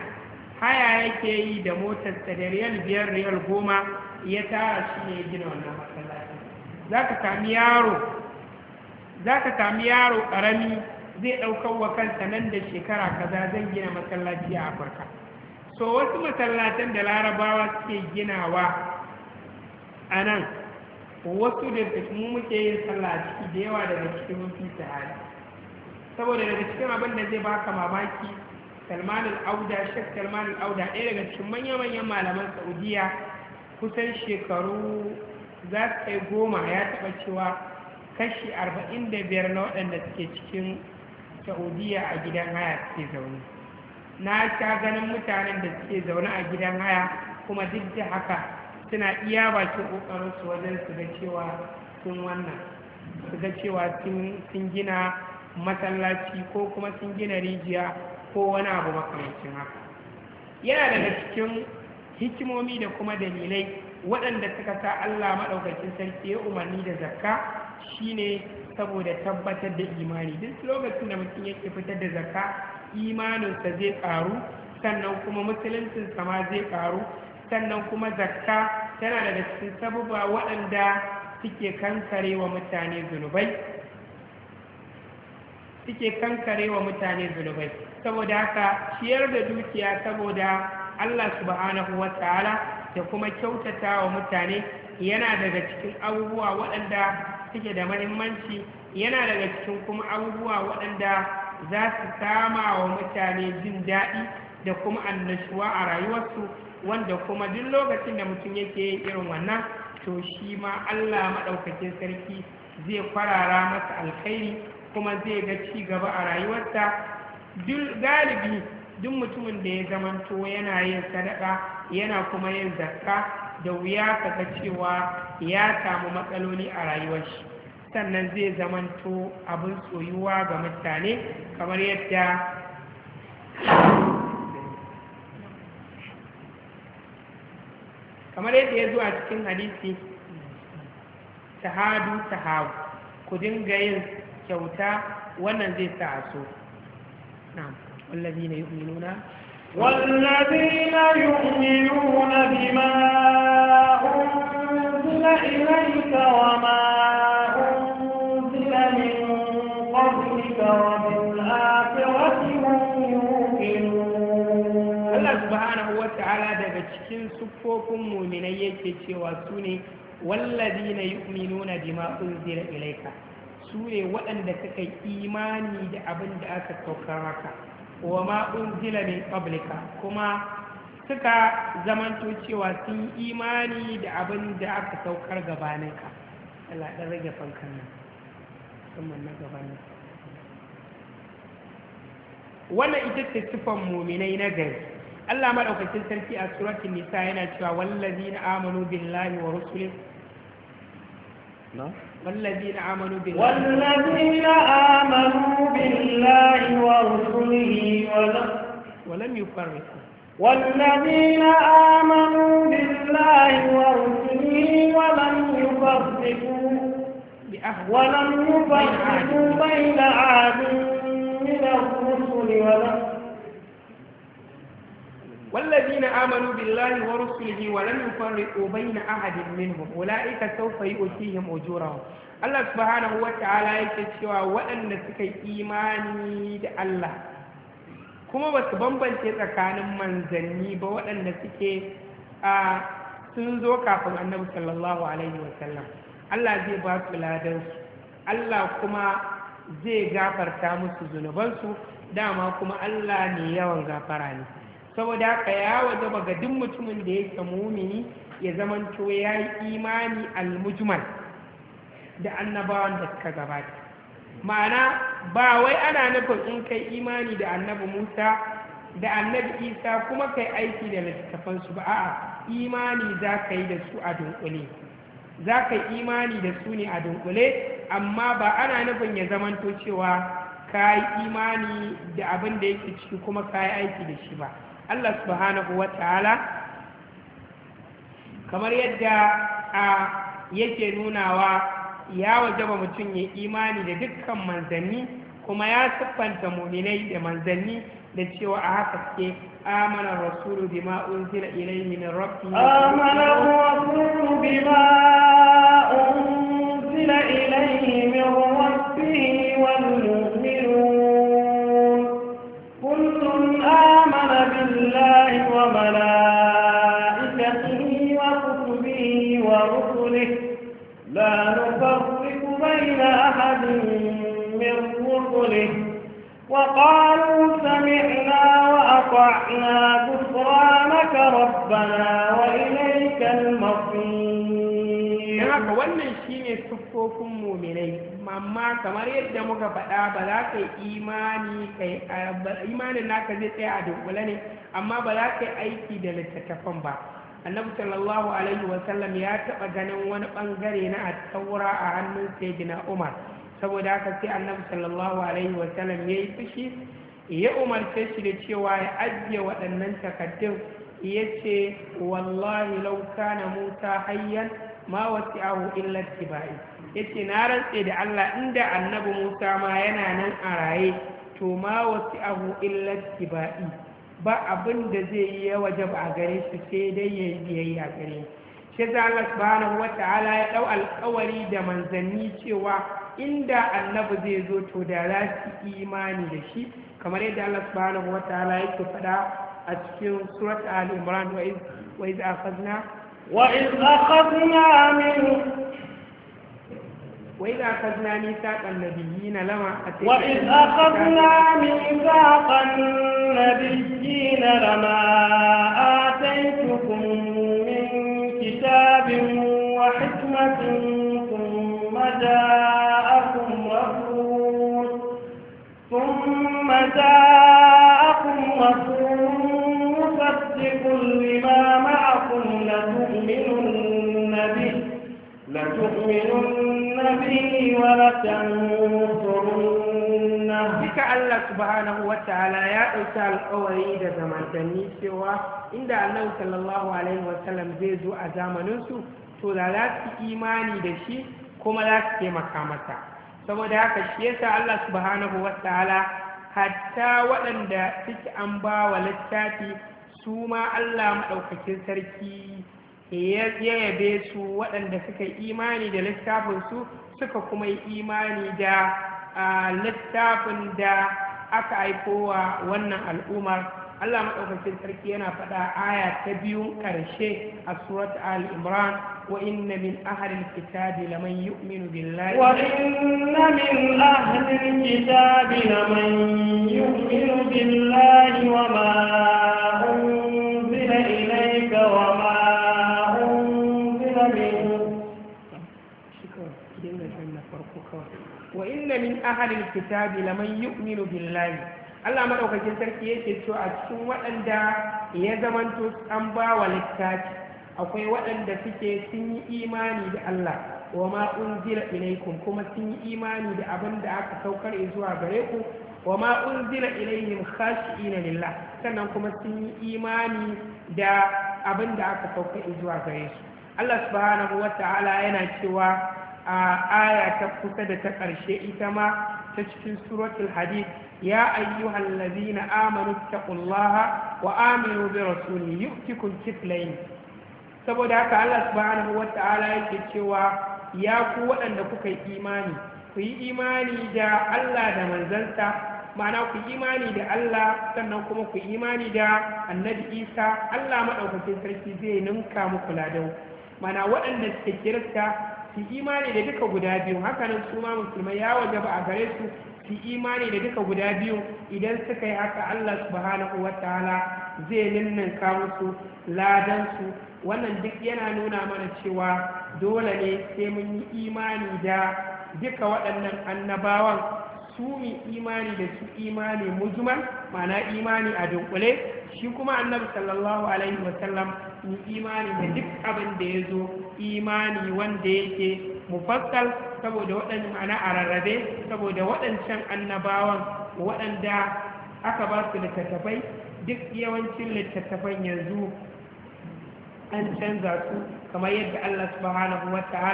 haya yake yi da motarsa da riyal biyar riyal goma ya tara shi ne ya gina wannan matsalacin za ka sami yaro ƙarami zai ɗaukar wa kansa nan da shekara kaza zai gina masallaci a afirka so wasu masallatan da larabawa suke ginawa a nan wasu da mu muke yin sallah da yawa daga cikin mafi sahara saboda daga cikin abin da zai baka mamaki salman al'auda shek salman al'auda ɗaya daga cikin manya-manyan malaman saudiya kusan shekaru za ka kai goma ya taɓa cewa kashi arba'in da biyar na waɗanda suke cikin saudiya a gidan haya suke zaune na sha ganin mutanen da suke zaune a gidan haya kuma duk da haka suna iya bakin ƙoƙarinsu wajen su ga cewa sun wannan su ga cewa sun gina masallaci ko kuma sun gina rijiya ko wani abu makamancin haka yana daga cikin hikimomi da kuma dalilai waɗanda suka sa Allah maɗaukacin sarki ya umarni da zakka shine saboda tabbatar da imani duk lokacin da mutum yake fitar da zakka imaninsa zai ƙaru sannan kuma musuluncinsa ma zai ƙaru sannan kuma zakka tana daga cikin sabuba waɗanda suke kankare wa mutane zunubai suke kankare mutane zunubai saboda haka ciyar da dukiya saboda Allah subhanahu wa ta'ala da kuma kyautata wa mutane yana daga cikin abubuwa waɗanda suke da mahimmanci yana daga cikin kuma abubuwa waɗanda za su sama wa mutane jin daɗi da kuma annashuwa a rayuwarsu wanda kuma duk lokacin da mutum yake yin irin wannan to shi ma allah maɗaukakin sarki zai kwarara masa alkhairi kuma zai ga ci gaba a rayuwarsa duk galibi duk mutumin da ya zamanto yana yin sadaka yana kuma yin zakka da wuya kaga cewa ya samu matsaloli a rayuwar shi sannan zai zamanto abin soyuwa ga mutane kamar yadda kamar yadda ya zo a cikin hadisi tahadu tahawu ku dinga yin kyauta wannan zai sa a so na wallazi na yi والذين يؤمنون بما أنزل إليك وما أنزل من قبلك وبالآخرة daga cikin siffofin muminai yake cewa su ne wallazina yu'minuna bima unzila ilayka su ne waɗanda suka imani da abin da aka saukar maka wa ma unzila min kuma suka zamanto cewa sun imani da abin da aka saukar gabanin ka. ɗan rage fankan nan musamman na gabanin wannan ita ce sifan muminai na gari Allah ɗaukacin sarki a suratun nisa yana cewa na amanu billahi wa rusulihi والذين آمنوا بالله والذين آمنوا بالله ورسله ولم يفرقوا والذين آمنوا بالله ورسله ولم يفرقوا ولم يفرقوا بين عاد من الرسل ولم والذين آمنوا بالله ورسله ولم يفرقوا بين أحد منهم أولئك سوف يؤتيهم أجورهم الله سبحانه وتعالى يكتشوا وأن سكي إيماني دا الله كما بس بمبن تتكان من زني وأن سكي آه سنزو كافم النبي صلى الله عليه وسلم الله زي باك لادنس الله كما زي غافر تامس ذنوبانسو داما كما الله نيوان غافراني saboda haka ya wajaba ga duk mutumin da yake mumini ya zamanto ya yi imani almujmal da annabawan da suka gabata ma'ana ba wai ana nufin in kai imani da annabi musa da annabi isa kuma kai aiki da littattafansu ba a'a imani za ka yi da su a dunkule za ka yi imani da su ne a dunkule amma ba ana nufin ya zamanto cewa ka yi imani da abin da yake ciki kuma ka yi aiki da shi ba Allah subhanahu wa ta'ala kamar yadda a yake nunawa ya wajaba mutum ya imani da dukkan manzanni kuma ya siffanta muminai da manzanni da cewa a haka suke amana rasulu bima unzila ilayhi min rabbih amana rasulu bima unzila min wal وملائكته وكتبه ورسله لا نفرق بين أحد من رسله وقالوا سمعنا وأطعنا غفرانك ربنا وإليك المصير. wannan shine siffofin muminai amma kamar yadda muka faɗa ba za ka yi imani imanin naka zai tsaya a dunkule ne amma ba za ka yi aiki da littattafan ba annabi sallallahu alaihi wa sallam ya taɓa ganin wani ɓangare na attaura a hannun sayyidina umar saboda haka sai annabi sallallahu alaihi wa sallam ya yi fushi ya umarce shi da cewa ya ajiye waɗannan takaddun ya ce wallahi lau kana muta hayyan ma wasi'ahu illa tibai yace na rantse da Allah inda annabi Musa ma yana nan a raye to ma wasi abu illa tibai ba abin da zai yi ya waje a gare shi sai dai ya yi biyayya gare shi za Allah subhanahu ta'ala ya dau alƙawari da manzanni cewa inda annabi zai zo to da za su imani da shi kamar yadda Allah subhanahu ta'ala yake faɗa a cikin surat al-imran wa iz akhadna wa iz akhadna min وإذا أخذنا ميثاق النبيين لما أتيتم وإذ أخذنا ميثاق النبيين لما آتيتكم من كتاب وحكمة ثم جاءكم رسول ثم جاءكم رسول مصدق لما معكم لكم لتؤمنن به ولتنصرنه duka Allah subhanahu wa ta'ala ya ɗauki alƙawari da zamantanni cewa inda Allah sallallahu alaihi wasallam zai zo a zamaninsu to da za su imani da shi kuma za su taimaka masa saboda haka shi yasa Allah subhanahu ta'ala hatta waɗanda suke an ba wa littafi su ma Allah maɗaukakin sarki ya yabe su waɗanda suka yi imani da littafinsu suka kuma yi imani da littafin da aka aikowa wannan al'ummar Allah maɗaukacin sarki yana faɗa aya ta biyu ƙarshe a surat al-imran wa inna min ahlil kitabi yu'minu billahi wa inna min kitabi laman yu'minu billahi wa ma unzila ilayka wa ma wa inna min ahalil kitabi laman yu'minu billahi Allah maɗaukakin sarki yake cewa a cikin waɗanda ya zamanto an ba wa littafi akwai waɗanda suke sun yi imani da Allah wa ma unzila ilaikum kuma sun yi imani da abin da aka saukar zuwa gare ku wa ma unzila ilaihim khashi'ina lillah sannan kuma sun yi imani da abin da aka saukar zuwa gare su Allah subhanahu wa ta'ala yana cewa a aya ta kusa da ta ƙarshe ita ma ta cikin suratul hadith ya ayyuhal ladina amanu taqullaha wa aminu bi rasuli yu'tikum kiflayn saboda haka Allah subhanahu wata'ala yake cewa ya ku waɗanda kuka yi imani ku yi imani da Allah da manzansa ma'ana ku yi imani da Allah sannan kuma ku yi imani da annabi Isa Allah madaukakin sarki zai ninka muku ladau mana waɗanda suke kirista ki imani da duka guda biyu hakanan su ma musulmai ya waje ba a gare su ki imani da duka guda biyu idan suka yi haka Allah subhanahu wa ta'ala zai ka musu ladan su wannan duk yana nuna mana cewa dole ne sai mun yi imani da duka waɗannan annabawan su mu imani da su imani mujmal ma'ana imani a dunkule shi kuma annabi sallallahu alaihi wasallam mu imani da duk abin da ya zo imani wanda yake mufassal saboda waɗannan ana a rarrabe saboda waɗancan annabawan waɗanda aka ba su littattafai duk yawancin littattafan yanzu an canza su kamar yadda Allah subhanahu wa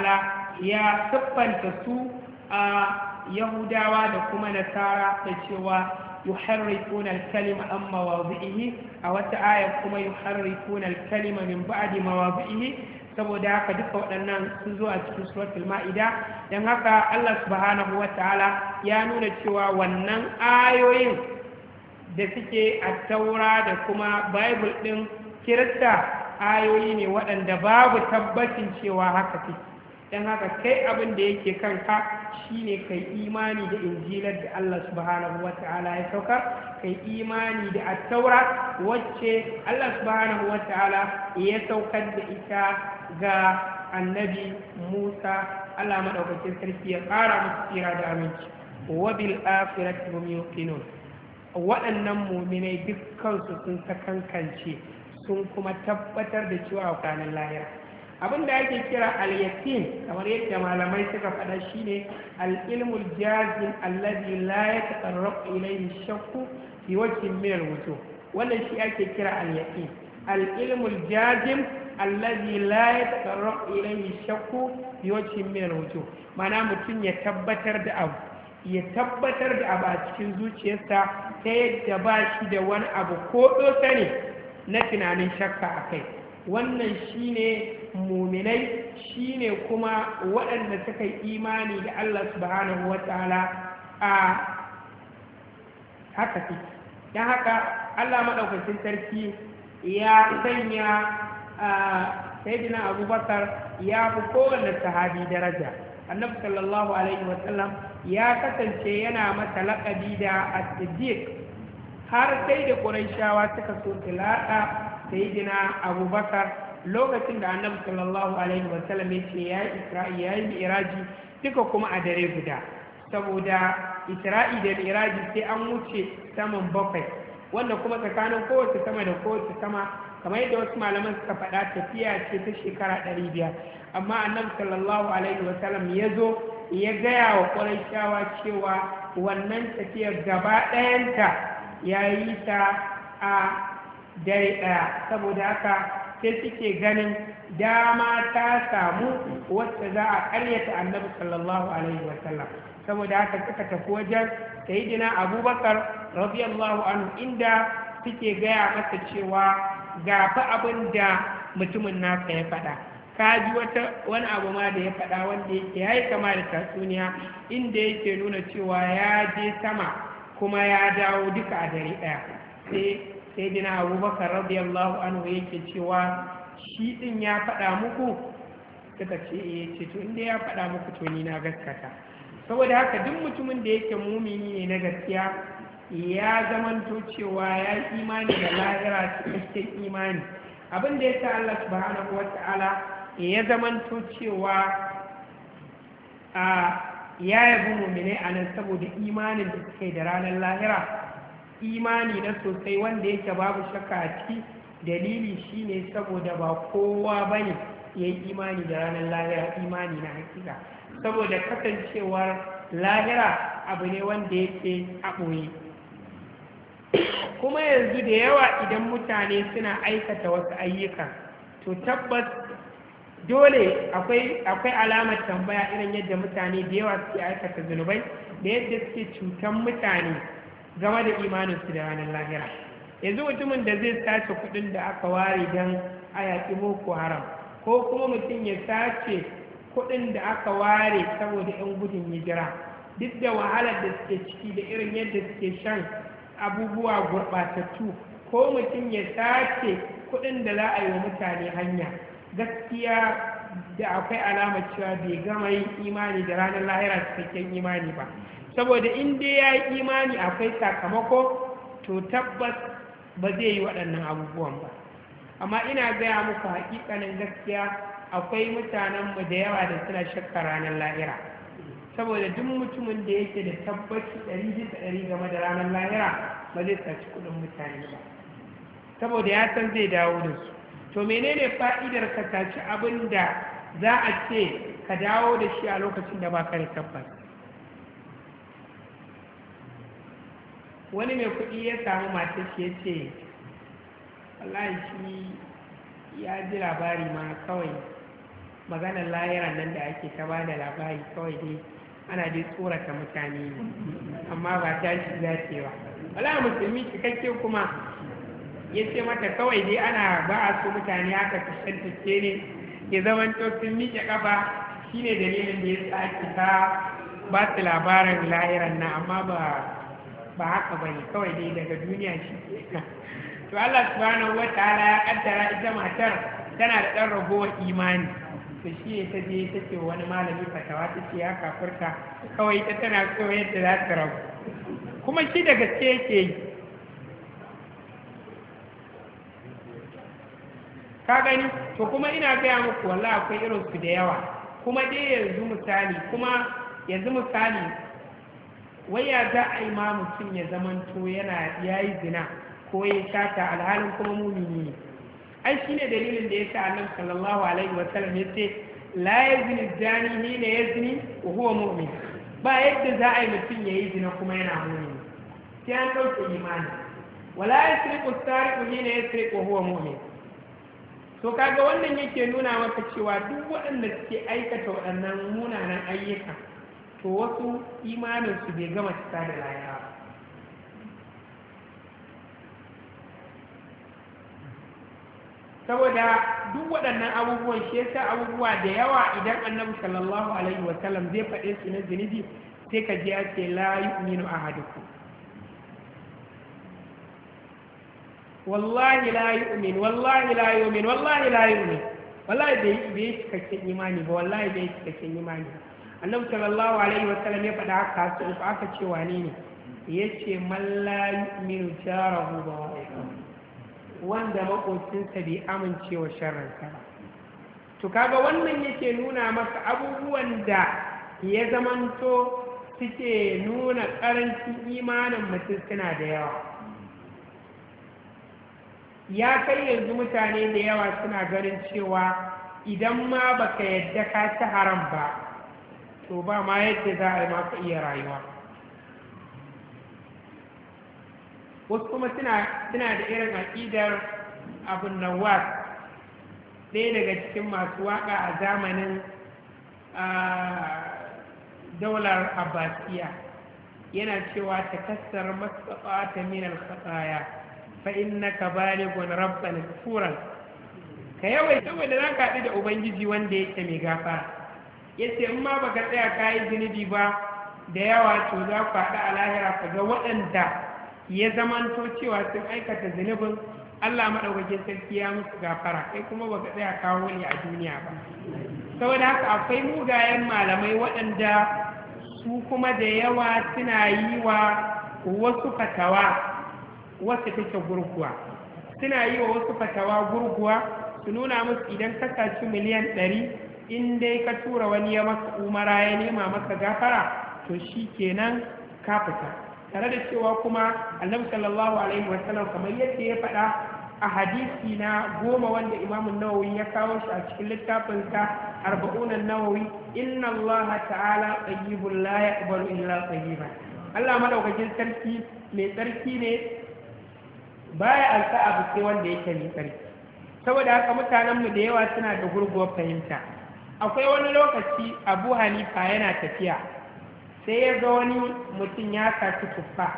ya siffanta su a Yahudawa da kuma Nasara da cewa يحرفون الكلم عن مواضعه أو kuma كما يحرفون الكلم من بعد مواضعه saboda haka duka waɗannan sun zo a cikin suratul ma'ida don haka Allah subhanahu wa ta'ala ya nuna cewa wannan ayoyin da suke a taura da kuma bible ɗin kirista ayoyi ne waɗanda babu tabbacin cewa haka ce. don haka kai abin da yake kanka shine kai imani da injilar da Allah subhanahu wata'ala ya sauka kai imani da attaura wacce Allah subhanahu ya saukar da ita ga annabi Musa Allah madaukakin sarki ya fara musu tsira da aminci wa bil akhirati hum yuqinun waɗannan muminai dukkansu sun sakankance sun kuma tabbatar da cewa ranar lahira abin da ake kira al-yaqin kamar yadda malamai suka faɗa shi ne, ilmu al-jazim alladhi la yataqarrabu ilayhi shakku fi wajhin min al-wujuh wannan shi ake kira al-yaqin al-ilmu al-jazim alladhi la yataqarrabu ilayhi shakku fi wajhin min al-wujuh ma'ana mutum ya tabbatar da abu ya tabbatar da abu a cikin zuciyarsa ta yadda ba shi da wani abu ko dosa ne na tunanin shakka a kai. wannan shine muminai shine kuma waɗanda suka yi imani da Allah subhanahu wataala a haka ce don haka Allah maɗaukacin sarki ya sanya sayyidina abubakar ya fi kowane sahabi daraja annabi sallallahu alaihi wasallam ya kasance yana mata laƙabi da as har sai da ƙurayshawa suka so tilaɗa sayyidina abubakar lokacin da annabi sallallahu alaihi wasallam ya ce ya yi iraji duka kuma a dare guda saboda isra'i da iraji sai an wuce saman bakwai wanda kuma tsakanin kowace sama da kowace sama kamar yadda wasu malaman suka faɗa tafiya ce ta shekara ɗari biyar amma annabi sallallahu alaihi wasallam ya zo ya gaya wa ƙwarai cewa wannan tafiyar gaba ɗayanta ya yi ta a dare ɗaya saboda haka sai suke ganin dama ta samu wacce za a ƙaryata annabi sallallahu alaihi wasallam saboda haka suka tafi wajen sayidina abubakar radiyallahu anhu inda suke gaya masa cewa ga fa abin da mutumin naka ya faɗa ka ji wani abu ma da ya faɗa wanda yake ya yi kama da tatsuniya inda yake nuna cewa ya je sama kuma ya dawo duka a dare ɗaya sai sai dina abubakar radiyallahu anhu yake cewa shi din ya faɗa muku suka ce eh, ya ce to inda ya faɗa muku to ni na gaskata saboda haka duk mutumin da yake mumini ne na gaskiya ya zamanto cewa ya yi imani da lahira cikakken imani abin da ya sa Allah subhanahu wa ta'ala ya zamanto cewa ya yabi mumini a nan saboda imanin da suke da ranar lahira imani na sosai wanda yake babu shakka a ciki dalili shine saboda ba kowa bane ya yi imani da ranar lahira imani na hakika saboda kasancewar lahira abu ne wanda yake a ɓoye kuma yanzu da yawa idan mutane suna aikata wasu ayyuka to tabbas dole akwai alamar tambaya irin yadda mutane da yawa suke aikata zunubai da yadda suke cutan mutane game da imanin su da ranar lahira yanzu mutumin da zai sace kuɗin da aka ware don a yaƙi boko haram ko kuma mutum ya sace kuɗin da aka ware saboda 'yan gudun hijira duk da wahalar da suke ciki da irin yadda suke shan abubuwa gurɓatattu ko mutum ya sace kuɗin da za a yi wa mutane hanya gaskiya da akwai alamar cewa bai gama yin imani da ranar lahira cikakken imani ba saboda in dai ya yi imani akwai sakamako to tabbas ba zai yi waɗannan abubuwan ba amma ina gaya muku haƙiƙanin gaskiya akwai mutanenmu da yawa da suna shakka ranar lahira saboda duk mutumin da yake da tabbaci ɗari bisa ɗari game da ranar lahira ba zai saci kuɗin mutane ba saboda ya san zai dawo da su to menene fa'idar ka saci abin da za a ce ka dawo da shi a lokacin da ba ka da tabbas wani mai kuɗi ya samu matar shi ya ce wallahi shi ya ji labari ma kawai maganar layaran nan da ake ta ba da labari kawai dai ana dai tsorata mutane ne amma ba ta shi zace ba wala musulmi cikakke kuma ya ce mata kawai dai ana ba a so mutane haka su shantake ne ya zaman sun miƙe ƙafa shine dalilin da ya sa ake ta ba su labarin lahiran nan amma ba ba haka ba ne kawai dai daga duniya shi to Allah subhanahu wa ta'ala ya kaddara ita matar tana da dan ragowar imani to shi ya ta je ta ce wani malami fatawa ta ce ya kafurta kawai ita tana so yadda za ta rabu kuma shi da gaske yake yi ka gani to kuma ina gaya muku wallahi akwai irinsu da yawa kuma dai yanzu misali kuma yanzu misali ya za a yi ma mutum ya to yana ya yi zina ko ya shata alhalin kuma muni ne ai shi ne dalilin da ya sa annabi sallallahu alaihi wa sallam ya ce la ya zini zani ni ne ya zini wa huwa mu'min ba yadda za a yi mutum ya yi zina kuma yana ne sai an ɗauke imani wala ya siriku sariku ni ne ya siriku wa huwa mu'min to kaga wannan yake nuna maka cewa duk waɗanda suke aikata waɗannan munanan ayyuka to wasu imaninsu bai gama cika da laya saboda duk waɗannan abubuwan shi yasa abubuwa da yawa idan annabi sallallahu alaihi wasallam zai faɗe su na zunubi sai ka ji ake la yu'minu ahadukum wallahi la yu'min wallahi la yu'min wallahi la yu'min wallahi bai bai cikakken imani ba wallahi bai cikakken imani ba annabi sallallahu alaihi sallam ya faɗa haka su uku aka ce wane ne ya ce mallayi min jarahu ba wanda makocinsa bai amince wa sharransa ba to kaga wannan yake nuna maka abubuwan da ya zamanto suke nuna ƙarancin imanin mutum suna da yawa ya kai yanzu mutane da yawa suna ganin cewa idan ma baka yadda ka ci haram ba to ba ma yadda za a yi masu iya rayuwa wasu kuma suna da irin aƙidar abin nan ɗaya daga cikin masu waƙa a zamanin daular abbasiya yana cewa ta kassar mastaɓa ta minar khataya fa inna ka baligun rabbanin turan ka yawai saboda za ka haɗu da ubangiji wanda yake mai gafara ya ce in ma baka tsaya ka yi zunubi ba da yawa to za ku haɗu a lahira ka ga waɗanda ya zamanto cewa sun aikata zunubin Allah maɗaukakin sarki ya musu gafara kai kuma baka tsaya kawo ne a duniya ba saboda haka akwai mugayen malamai waɗanda su kuma da yawa suna yi wa wasu fatawa wasu take gurguwa suna yi wa wasu fatawa gurguwa su nuna musu idan ka miliyan ɗari in dai ka tura wani ya maka umara ya nema maka gafara to shi kenan ka fita tare da cewa kuma annabi sallallahu alaihi sallam kamar yadda ya faɗa a hadisi na goma wanda Imam nawawi ya kawo shi a cikin littafinsa arba'unan nawawi inna allah ta'ala tayyibun la yaqbalu illa allah madaukakin sarki mai tsarki ne baya alsa abu sai wanda yake mai tsarki saboda haka mutanenmu da yawa suna da gurguwar fahimta akwai wani lokaci abu hanifa yana tafiya sai ya ga wani mutum ya saci tuffa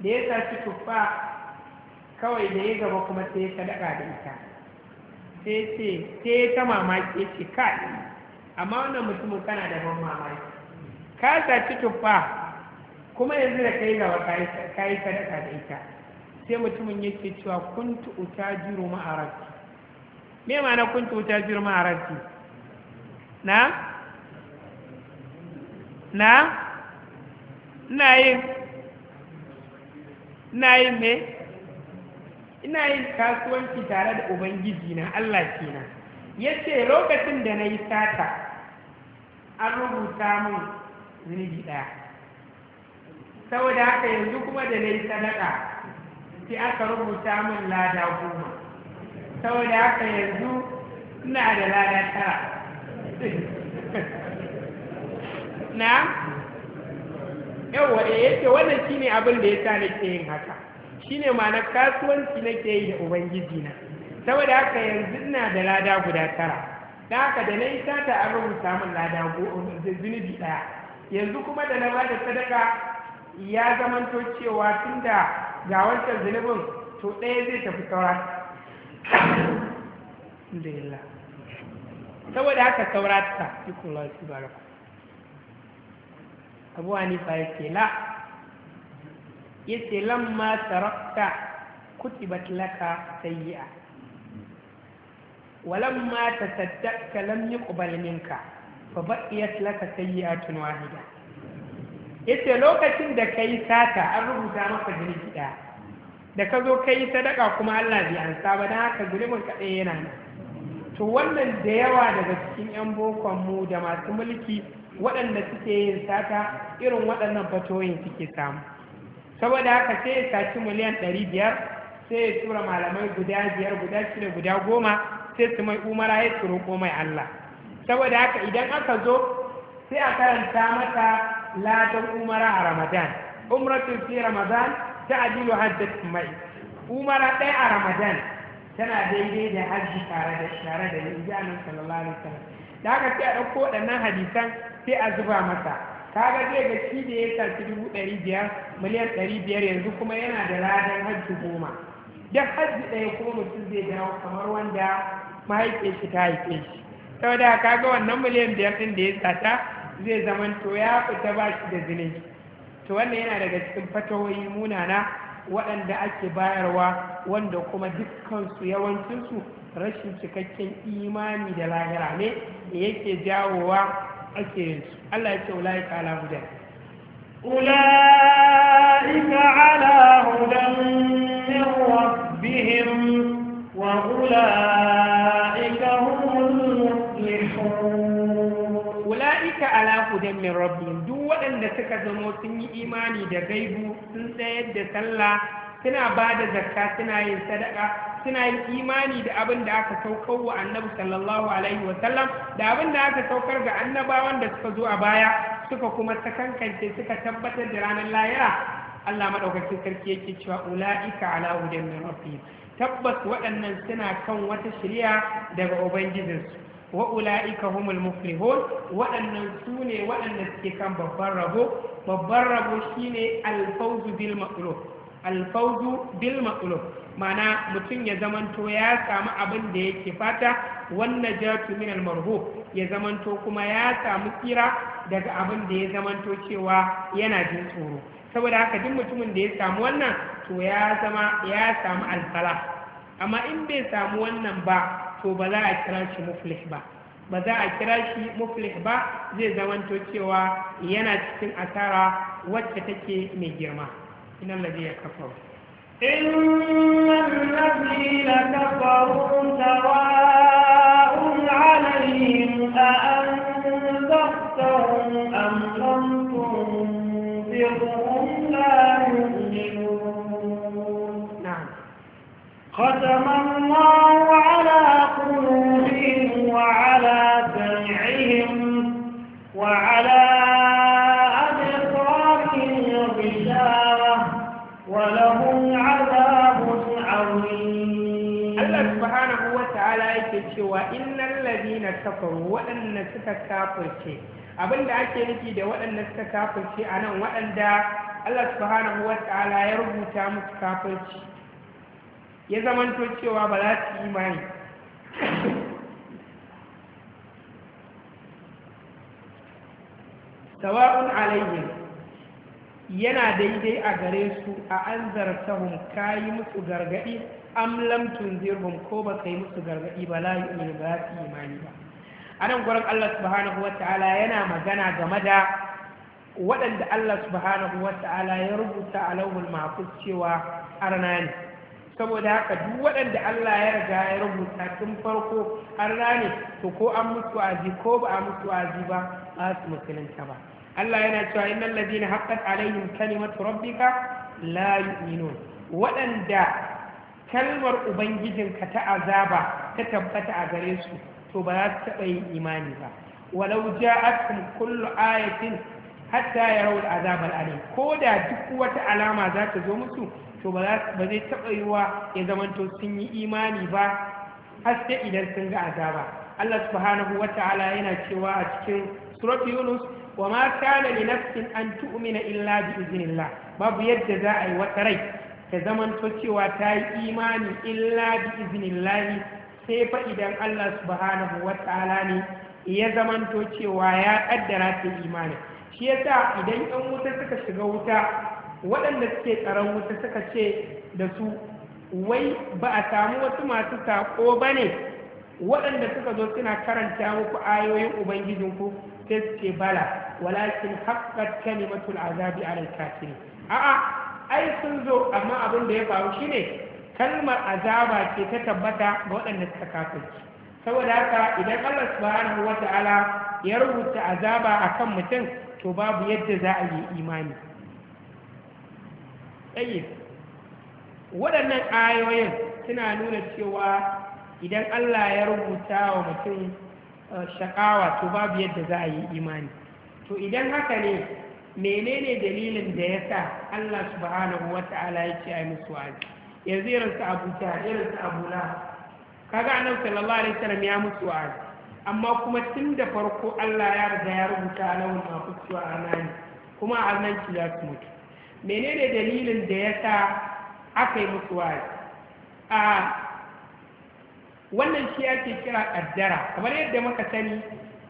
da ya saci tuffa kawai da ya gaba kuma sai ya sadaka da ita sai ce sai ya ta mamaki ya ce kai amma wannan mutumin kana da ban mamaki ka saci tuffa kuma yanzu da kai gaba ka yi sadaka da ita sai mutumin yake cewa kuntu utajiru ma'arafi me kun kuntu tajir a arabti na na ina yin na yi me ina yin kasuwanci tare da ubangiji na Allah kenan yace lokacin da na yi sata an rubuta mun zunubi ɗaya saboda haka yanzu kuma da na yi sadaka sai aka rubuta mun lada goma saboda haka yanzu [laughs] na da rana tara na yawa da eh, yake wannan shine abin da ya sa nake yin haka Shi shine na kasuwanci nake yi da ubangiji na saboda haka yanzu na da lada guda tara da haka da na yi sata a rubuta min lada zunubi ɗaya yanzu kuma da na bada sadaka ya zamanto cewa tun da ga wancan zunubin to ɗaya zai tafi saura alhamdulillah saboda haka saurata ikon lafi baraka abu hanifa ya ce la ya ce lamma tarakta kutibat laka sayyi'a walamma tasaddaqta lam yuqbal minka fa baqiyat laka tun wahida ce lokacin da ka yi sata an rubuta maka jirgi ɗaya. da ka zo ka yi sadaka kuma Allah bai ansa ba don haka zulumin kaɗai yana nan to wannan da yawa daga cikin 'yan bokon mu da masu mulki waɗanda suke yin sata irin waɗannan fatoyin suke samu saboda haka sai ya saci miliyan ɗari biyar sai ya tura malamai guda biyar guda shida guda goma sai su mai umara ya turo komai Allah saboda haka idan aka zo sai a karanta mata ladan umara a ramadan umratul fi ramadan adilu hajjat mai umara ɗaya a ramadan tana daidai da hajji tare da tare da yin sallallahu alaihi wasallam da aka sai a ɗauko ɗannan hadisan sai a zuba masa kaga zai ga shi da ya tafi dubu ɗari biyar miliyan ɗari biyar yanzu kuma yana da ladan hajji goma duk hajji ɗaya kuma mutum zai dawo kamar wanda mahaifiyar shi ta haife shi saboda kaga wannan miliyan biyar ɗin da ya tsata zai zamanto ya fita ba shi da zinin to wannan yana daga cikin fatawoyi munana waɗanda ake bayarwa wanda kuma dukkansu yawancinsu rashin cikakken imani da lahira ne da yake jawowa ake yin su Allah ya ce ulaika kala hudan ulaika ala hudan min bihim wa ulaika humul muflihun ulaika ala hudan min rabbihim duk waɗanda suka zamo sun yi imani da gaibu sun tsayar da sallah suna ba da zakka suna yin sadaka suna yin imani da abin da aka saukar wa annabi sallallahu alaihi sallam) da abin da aka saukar ga annabawan da suka zo a baya suka kuma sakankance suka tabbatar da ranar layira Allah madaukakin sarki yake cewa ula'ika ala hudan min rabbihim tabbas waɗannan suna kan wata shari'a daga ubangijinsu wa ula'ika humul muflihun waɗannan su ne waɗanda suke kan babban rabo babban rabo shine alfawzu bil maqlub alfawzu bil maqlub mana mutum ya zamanto ya samu abin da yake fata wannan jatu min al marhub ya zamanto kuma ya samu tsira daga abin da ya zamanto cewa yana jin tsoro saboda haka duk mutumin da ya samu wannan to ya zama ya samu alfala amma in bai samu wannan ba to ba za a kira shi muflih ba ba za a kira shi muflih ba zai zamanto cewa yana cikin asara wacce take mai girma inan labi ya kafa إن الذين كفروا سواء عليهم أأنذرتهم أم ختم الله قلوبهم وعلى سمعهم وعلى أبصارهم غشاوة ولهم عذاب عظيم الله سبحانه وتعالى يكتشوى إن الذين كفروا وأن تتكافر abin da ake nufi da waɗanda suka kafirce a nan waɗanda Allah subhanahu wa ta'ala ya rubuta musu kafirci ya zamanto cewa ba za su imani sawa'un alayhim yana daidai a gare su a an zartahum kayi musu gargadi am lam tunzirhum ko ba kai musu gargadi ba la yu'minu ba su imani ba anan gurin Allah subhanahu wata'ala yana magana game da waɗanda Allah subhanahu wata'ala ya rubuta a lauhul mahfuz cewa arna ne saboda haka duk waɗanda Allah ya riga ya rubuta tun farko an rane to ko an mutu azi ko ba a mutu azi ba ba su musulunta ba Allah yana cewa innal ladina haqqat alaihim kalimatu rabbika la yu'minun waɗanda kalmar ubangijinka ta azaba ta tabbata a gare su to ba za su taɓa yin imani ba walau ja'atkum kullu ayatin hatta yarawul azab al-alim ko da duk wata alama za ta zo musu to ba zai taɓa yiwa ya zamanto sun yi imani ba har sai idan sun ga azaba Allah subhanahu wata'ala yana cewa a cikin surat Yunus wa ma kana li nafsin an tu'mina illa bi iznillah babu yadda za a yi wata rai ta zamanto cewa ta yi imani illa bi iznillah sai fa idan Allah subhanahu wata'ala ne ya zamanto cewa ya kaddara ta imani shi yasa idan 'yan wuta suka shiga wuta waɗanda suke tsaron wuta suka ce da su wai ba a samu wasu masu saƙo ba ne waɗanda suka zo suna karanta muku ayoyin ubangijinku sai suke bala walakin haƙƙar kalimatul azabi alal kafirin a'a ai sun zo amma abin da ya faru shine kalmar azaba ce ta tabbata ga waɗanda suka kafirci saboda haka idan Allah subhanahu ala ya rubuta azaba akan mutum to babu yadda za a yi imani tsaye waɗannan ayoyin suna nuna cewa idan Allah ya rubuta wa mutum uh, shakawa to babu yadda za a yi imani to idan haka ne menene dalilin da ya sa Allah subhanahu wata'ala ya ce ai musu wa'azi yanzu irin su Abu Jahl irin su Abu Lahab kaga annabi sallallahu alaihi wasallam ya musu wa'azi amma kuma tun da farko Allah ya riga ya rubuta lawan mafi cewa anani kuma ki za su mutu menene dalilin da ya sa aka yi musu wa'azi a wannan shi ake kira ƙaddara kamar yadda muka sani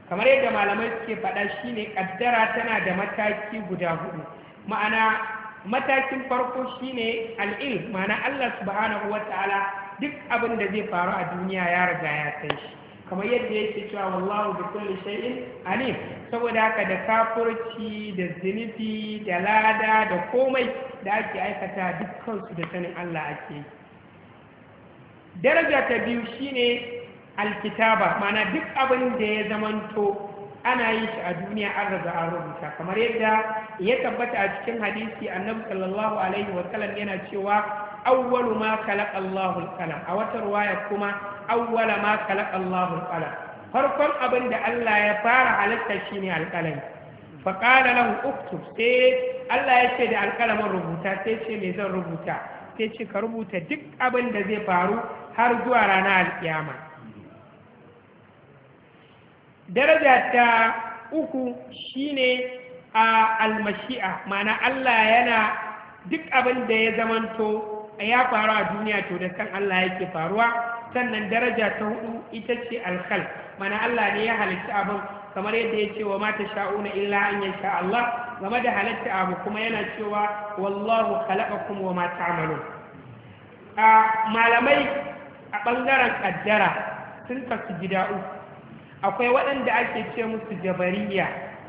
kamar yadda malamai suke faɗa ne ƙaddara tana da mataki guda hudu ma'ana matakin farko shine al'il ma'ana Allah subhanahu Ta'ala, duk abin da zai faru a duniya ya riga ya san shi kamar yadda yake cewa wallahu bi kulli shay'in alim saboda haka da kafurci da zinubi da lada da komai da ake aikata dukkan su da sanin Allah ake daraja ta biyu shine alkitaba mana duk abin da ya zamanto ana yi shi a duniya an raga an rubuta kamar yadda ya tabbata a cikin hadisi annabi sallallahu alaihi wa sallam yana cewa awwalu ma khalaqa Allahu al-qalam a wata riwaya kuma awwala ma khalaqa Allahu al-qalam farkon abin da Allah ya fara halitta shine alƙalami fa qala lahu uktub sai Allah ya ce da alkalamin rubuta sai ce me zan rubuta sai ce ka rubuta duk abin da zai faru har zuwa rana alƙiyama daraja ta uku shine a almashi'a ma'ana Allah yana duk abin da ya zamanto ya faru a duniya to da kan Allah yake faruwa sannan daraja ta hudu ita ce alkal. mana Allah ne ya halitta abin kamar yadda ya ce wa mata sha'una illa an yasha Allah game da halitta abu kuma yana cewa wallahu khalaqakum wa ma ta'malun a malamai a bangaren kaddara sun kasu gida akwai waɗanda ake ce musu jabariya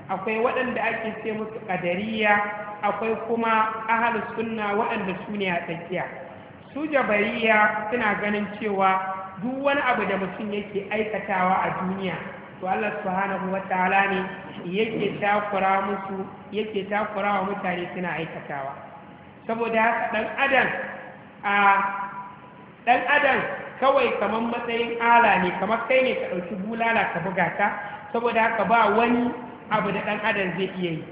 akwai waɗanda ake ce musu ƙadariya akwai kuma ahalus sunna waɗanda su ne a tsakiya su jabariya suna ganin cewa duk wani abu da mutum yake aikatawa a duniya to Allah subhanahu wataala ne yake takura musu yake takura wa mutane suna aikatawa saboda dan adam a dan adam kawai kamar matsayin ala ne kamar kai ne ka ɗauki bulala ka buga ta saboda haka ba wani abu da dan adam zai iya yi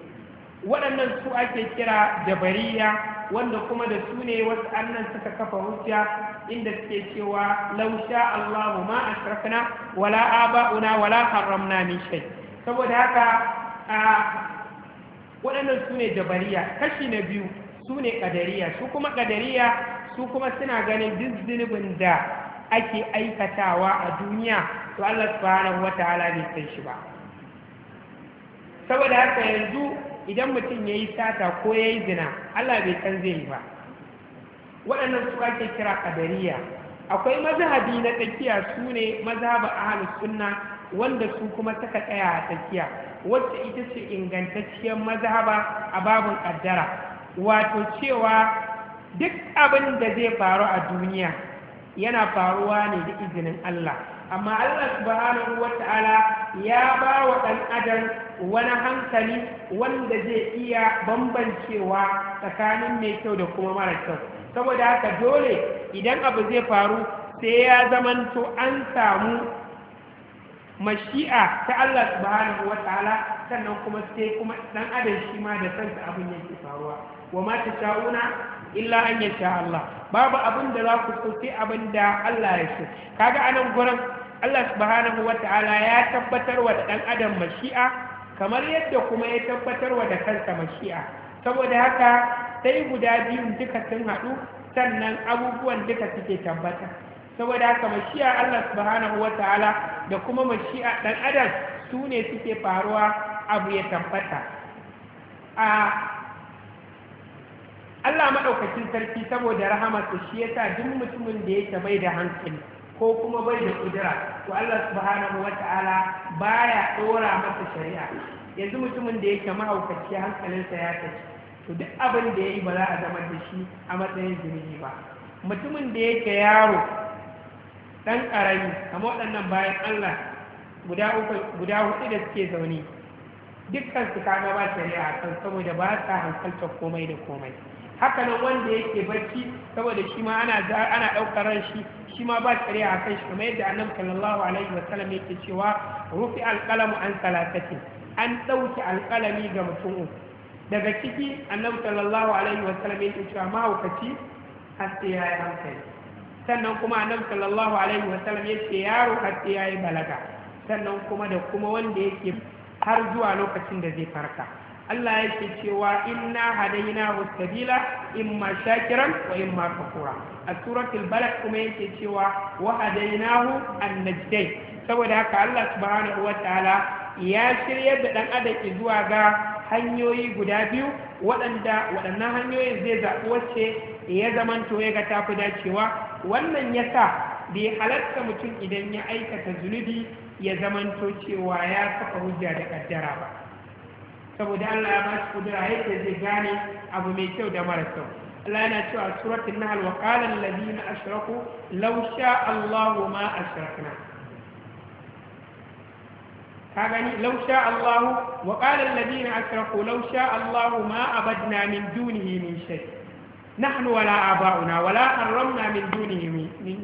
waɗannan su ake kira jabariya wanda kuma da su ne wasu annan suka kafa hujja inda suke cewa lausha Allahu ma ashrakna wala aba'una wala haramna min shay saboda haka a waɗannan su ne jabariya kashi na biyu su ne kadariya su kuma kadariya su kuma suna ganin duk da ake aikatawa a duniya to Allah subhanahu wataala bai san shi ba saboda haka yanzu idan mutum ya yi sata ko ya yi zina Allah bai san zai yi ba waɗannan su ake kira ƙadariya akwai mazhabi na tsakiya su ne mazhabi ahalus sunna wanda su kuma suka tsaya a tsakiya wacce ita ce ingantacciyar mazhaba a babin ƙaddara wato cewa duk abin da zai faru a duniya yana faruwa ne da izinin Allah amma Allah subhanahu Ta'ala ya ba wa ɗan adam wani hankali wanda zai iya bambancewa tsakanin mai kyau da kuma mara kyau saboda haka dole idan abu zai faru sai ya zamanto an samu mashi'a ta Allah subhanahu wa ta'ala sannan kuma sai kuma dan adam shi ma da kansa abin yake faruwa wa ma sha'una? illa an sha Allah babu abin da za ku so sai abin da Allah ya so kaga anan gurin Allah subhanahu wa ta'ala ya tabbatar wa dan adam mashi'a kamar yadda kuma ya tabbatar wa da kansa mashi'a saboda haka sai guda biyun duka sun haɗu sannan abubuwan duka suke tabbata saboda haka mashi'a Allah subhanahu wa ta'ala da kuma mashi'a ɗan adam su ne suke faruwa abu ya tabbata a Allah maɗaukacin sarki saboda rahamarsa shi yasa duk mutumin da yake mai da hankali ko kuma bai da kudura to Allah subhanahu wata'ala baya dora masa shari'a yanzu mutumin da yake mahaukaci hankalinsa ya tafi to duk abin da yayi ba za a zama da shi a matsayin zunubi ba mutumin da yake yaro dan karami kamar waɗannan bayan Allah guda uku guda hudu da suke zaune dukkan su kaga ba shari'a kan saboda ba sa hankalta komai da komai haka nan wanda yake bacci saboda shi ma ana ana daukar ran shi ma ba tsare a kan shi kamar yadda annabi sallallahu alaihi wasallam yake cewa rufi alqalamu an salatatin an dauki alqalami ga mutum daga ciki annabi sallallahu alaihi wasallam yake cewa mahaukaci har sai ya yi hankali sannan kuma annabi sallallahu alaihi wasallam yake yaro har sai ya yi balaga sannan kuma da kuma wanda yake har zuwa lokacin da zai farka Allah yake cewa inna hadaina hustabila imma shakiran wa imma kafura a suratul balad kuma yake cewa wa hadainahu annajdain saboda haka Allah subhanahu wataala ya shiryar da dan adam zuwa ga hanyoyi guda biyu waɗanda waɗannan hanyoyin zai zaɓi wacce ya zamanto ya ga tafi dacewa wannan ya yasa bai halatta mutum idan ya aikata zunubi ya zamanto cewa ya saka hujja da ƙaddara ba saboda Allah ya ba shi kudura yadda zai gane abu mai kyau da mara kyau Allah yana cewa suratul nahl wa qala alladhina ashraku law sha Allahu ma ashrakna ka gani law sha Allahu wa qala alladhina ashraku law ma abadna min dunihi min shay nahnu wala aba'una wala harramna min dunihi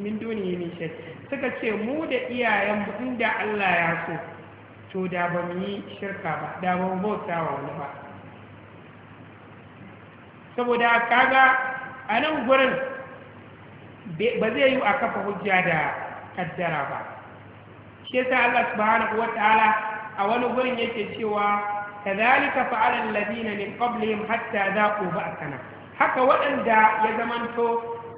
min dunihi min shay suka ce mu da iyayen mu inda Allah ya so to da ba mu yi shirka ba da ba mu bauta wa wani ba saboda kaga a nan gurin ba zai yi a kafa hujja da kaddara ba shi yasa Allah subhanahu wataala a wani gurin yake cewa kadhalika fa'ala alladhina min qablihim hatta dhaqu ba'sana haka waɗanda ya zamanto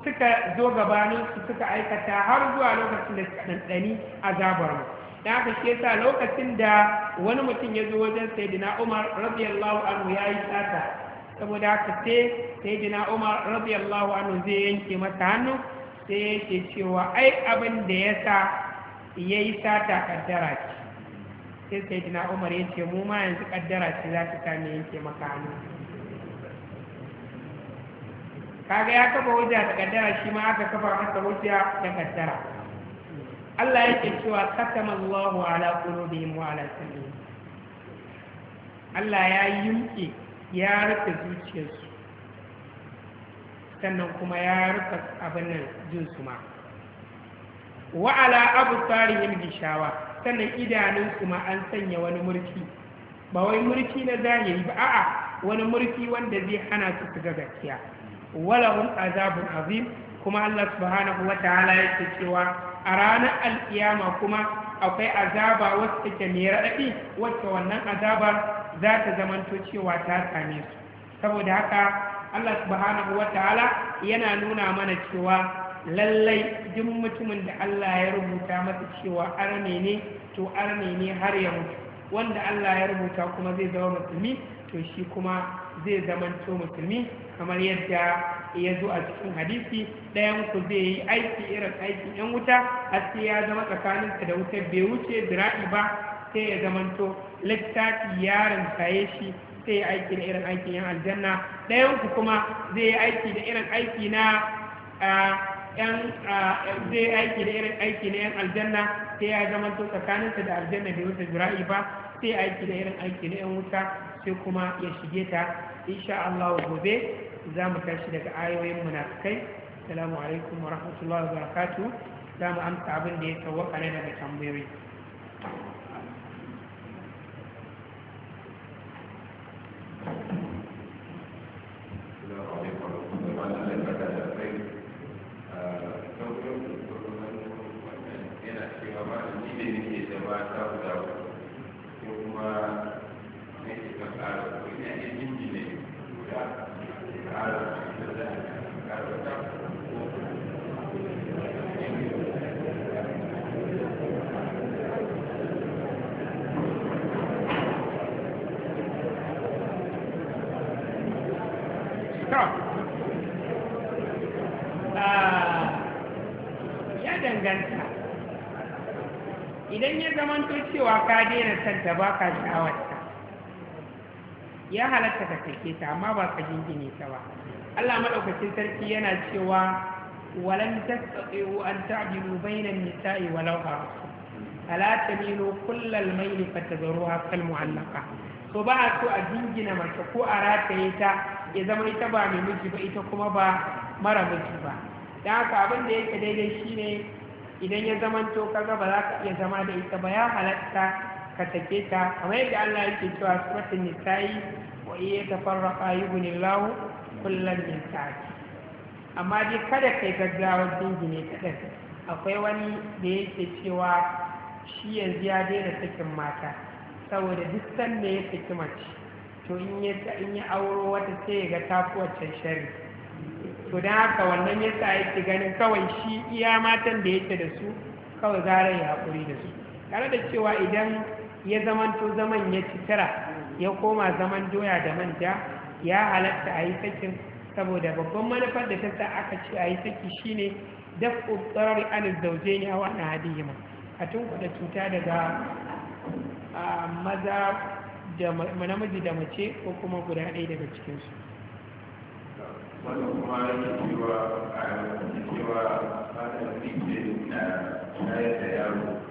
suka zo gabanin su suka aikata har zuwa lokacin da suka ɗanɗani azabar mu da haka shi sa lokacin da wani mutum ya zo wajen Saidina Umar radiyallahu anhu yi sata saboda haka sai Saidina Umar radiyallahu anhu zai yanke masa hannu sai yake cewa ai abin da ya yi sata kaddara ce sai Saidina Umar ya ce mu ma yanzu kaddara ce za ta sami yanke maka hannu kaga ya kafa hujja da kaddara shi ma aka kafa masa hujja da kaddara Allah yake cewa katama Allahu ala qulubihim wa ala sam'ihim Allah ya yimke ya rufe zuciyarsu sannan kuma ya rufe abin nan jin su ma wa ala absarihim gishawa sannan idanun su ma an sanya wani murfi ba wai murfi na zahiri ba a'a wani murfi wanda zai hana su su ga gaskiya walahum azabun azim kuma Allah subhanahu ya yake cewa a ranar alƙiyama kuma akwai azaba wasu take mai raɗaɗi wacce wannan azabar za ta zamanto cewa ta same su saboda haka Allah subhanahu ta'ala yana nuna mana cewa lallai duk mutumin da Allah ya rubuta masa cewa arme ne to arme ne har ya mutu wanda Allah ya rubuta kuma zai zama musulmi to shi kuma zai zamanto musulmi kamar yadda ya zo a cikin hadisi ɗayan ku zai yi aiki irin aikin yan wuta sai ya zama tsakaninsa da wutar bai wuce birai ba sai ya zamanto littafi yaron saye shi sai ya aiki da irin aikin yan aljanna ɗayan ku kuma zai yi aiki da irin aiki na yan zai aiki da irin aiki na yan aljanna sai ya zamanto tsakaninsa da aljanna bai wuce birai ba sai aiki da irin aiki na yan wuta sai kuma ya shige ta insha Allah gobe za mu tashi daga ayoyin munafikai Salamu alaikum wa rahmatullahi wa barakatuh za mu amsa abin da ya tawaka ne daga tambayoyi ya halatta ka kake ta amma ba ka jingine ta ba Allah madaukakin sarki yana cewa walan tasqiu an ta'dilu an nisa'i walau harasu ala tamilu kullal maili fatazruha kal mu'allaqa to ba a so a jingina mace ko a rataye ta ya zama ita ba mai miji ba ita kuma ba mara miji ba dan haka abin da yake daidai shine idan ya zamanto kaga ba za ka iya zama da ita ba ya halatta ka take ta kamar yadda Allah yake cewa suratul nisa'i wa iya tafarraqa yughnillahu kullan min sa'ati amma dai kada kai gaggawa dingine ta din akwai wani da yake cewa shi yanzu ya daina sakin mata saboda duk sanda ya saki mace to in ya in ya auro wata sai ya ga tafi wacce shari to dan haka wannan yasa yake ganin kawai shi iya matan da yake da su kawai zara ya haƙuri da su tare da cewa idan ya zamanto zaman ya ci tara ya koma zaman doya da manja ya halatta a yi sakin saboda babban manufar da ta sa aka ce a yi saki shi shine daf tsarar anil zauje ne a wannan hadihima a tun kuɗa cuta daga maza da namiji da mace ko kuma guda ɗaya daga cikinsu wannan kuma yake cewa a cewa da yaro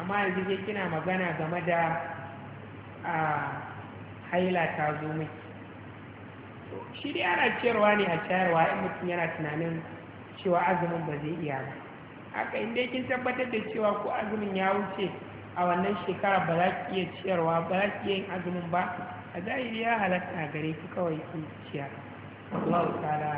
amma yanzu ke kina magana game da a haila ta zo miki shi dai ana ciyarwa ne a ciyarwa in mutum yana tunanin cewa azumin ba zai iya ba haka inda kin tabbatar da cewa ko azumin ya wuce a wannan shekara ba za ki iya ciyarwa ba za ki iya yin azumin ba a zahiri ya halatta a gare ki kawai ki ciyar Allah ta'ala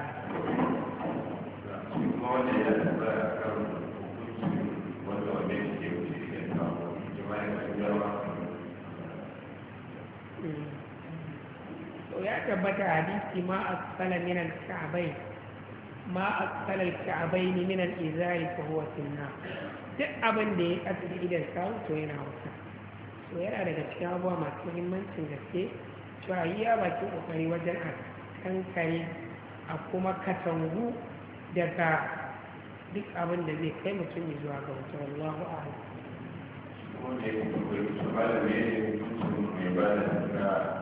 ya tabbata hadisi ma asfala min al-ka'bayn ma asfala al-ka'bayn min al-izari fa huwa sunna duk abin da ya kasu idan sawu to yana wuta to yana daga cikin abuwa masu muhimmancin gaske a yi ya baki kokari wajen a kankare a kuma katangu daga duk abin da zai kai mutum ya zuwa ga wuta wallahu a'lam wanda ya kuma da kuma kuma kuma kuma kuma kuma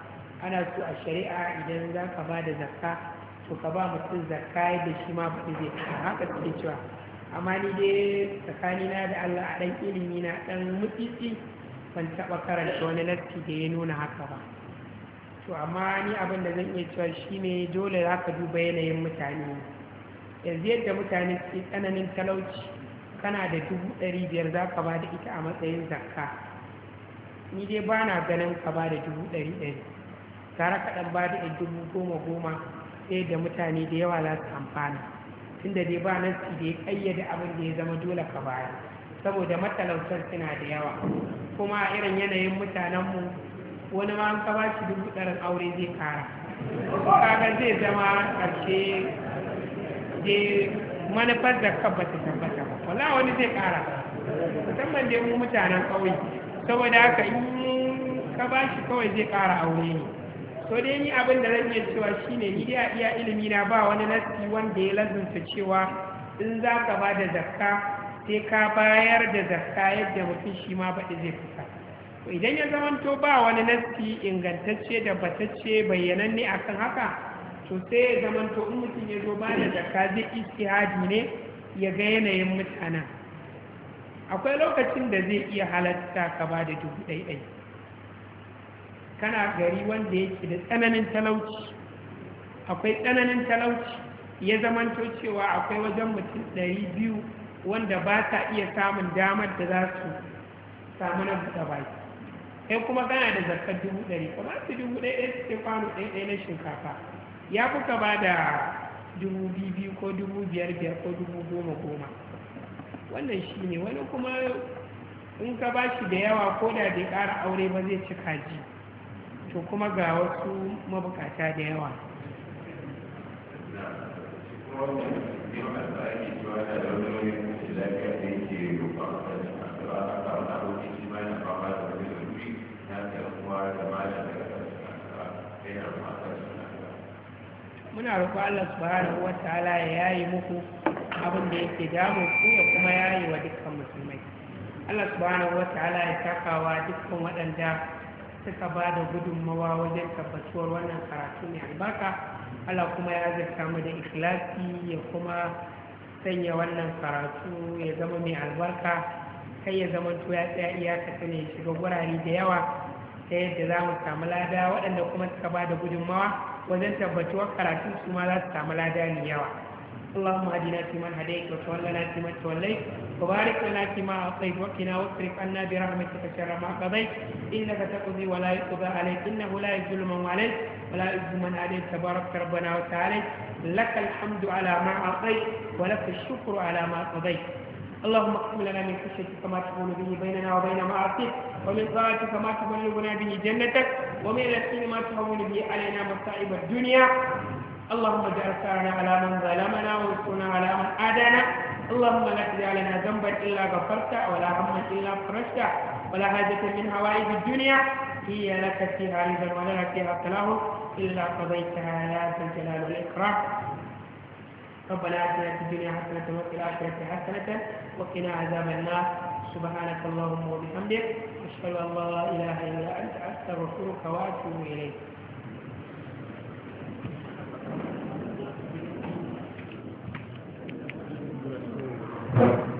ana so a shari'a idan za ka ba da zakka to ka ba mutum zakka yadda shi ma faɗi zai ta haka suke cewa amma ni dai tsakanina da allah a ɗan ilimi na ɗan mutisi ban taɓa karanta wani latti da ya nuna haka ba to amma ni abin da zan iya cewa ne dole za ka duba yanayin mutane yanzu yadda mutane suke tsananin talauci kana da dubu ɗari biyar za ka ba da ita a matsayin zakka ni dai ba na ganin ka ba da dubu ɗari ɗari gara kaɗan ba da yan dubu goma goma ɗaya da mutane da yawa za su amfana tun da dai ba nan da ya ƙayyade abin da ya zama dole ka baya saboda matalautar suna da yawa kuma a irin yanayin mutanenmu wani ma an ka ba shi dubu ɗarin aure zai kara kaga zai zama ƙarshe dai manufar da ka ba ta tabbata ba wala wani zai kara musamman dai mu mutanen ƙauye saboda haka in ka ba shi kawai zai kara aure ne to dai ni abin da zan iya cewa shine ni dai iya ilimi na ba wani nasi wanda ya lazunta cewa in za ka ba da zakka sai ka bayar da zakka yadda mutum shi ma baɗi zai fita idan ya zamanto ba wani nasi ingantacce da batacce bayyananne akan haka to sai ya zamanto in mutum ya zo ba da zakka zai istihadi ne ya ga yanayin mutanen akwai lokacin da zai iya halatta ka ba da dubu ɗaiɗai kana gari wanda yake da tsananin talauci akwai tsananin talauci ya zamanto cewa akwai wajen mutum ɗari biyu wanda ba ta iya samun damar da za su samu na buɗe baki kai kuma kana da zakar dubu ɗari ka su dubu ɗaya su ke kwano ɗaya ɗaya na shinkafa ya kuka ba da dubu biyu ko dubu biyar biyar ko dubu goma goma wannan shi ne wani kuma in ka ba shi da yawa ko da bai ƙara aure ba zai cika kaji to kuma ga wasu mabukata da yawa muna roƙo Allah subhanahu wataala ya yayi muku abin da yake damu ku ya kuma yayi wa dukkan musulmai Allah subhanahu wataala ya takawa dukkan waɗanda suka ba da gudunmawa wajen tabbatuwar wannan karatu mai albarka Allah kuma ya zarta mu da ikhlasi ya kuma sanya wannan karatu ya zama mai albarka kai ya zama ya tsaya iyaka ne shiga gurare da yawa ta yadda za mu samu lada waɗanda kuma suka ba da gudunmawa wajen tabbatuwar karatu su ma za su samu lada mai yawa اللهم اهدنا فيمن هديت وتولنا فيمن توليت وبارك لنا فيما اعطيت وقنا واصرف عنا برحمتك شر ما قضيت انك تقضي ولا يقضى عليك انه لا يذل من عليك ولا يذل من عليك تبارك ربنا وتعالى لك الحمد على ما اعطيت ولك الشكر على ما قضيت اللهم اقسم لنا من خشيتك ما تحول به بيننا وبين معاصيك ومن طاعتك ما تبلغنا به جنتك ومن اليقين ما تهون به علينا مصائب الدنيا اللهم اجعل ثارنا على من ظلمنا وانصرنا على من عادانا اللهم لا تدع لنا ذنبا الا غفرته ولا هما الا فرجته ولا حاجه من هوائج الدنيا هي لك فيها رضا ولنا فيها صلاه الا قضيتها يا ذا الجلال والاكرام ربنا اتنا في الدنيا حسنه وفي الاخره حسنه وقنا عذاب النار سبحانك اللهم وبحمدك اشهد ان لا اله الا انت استغفرك واتوب اليك Thank you.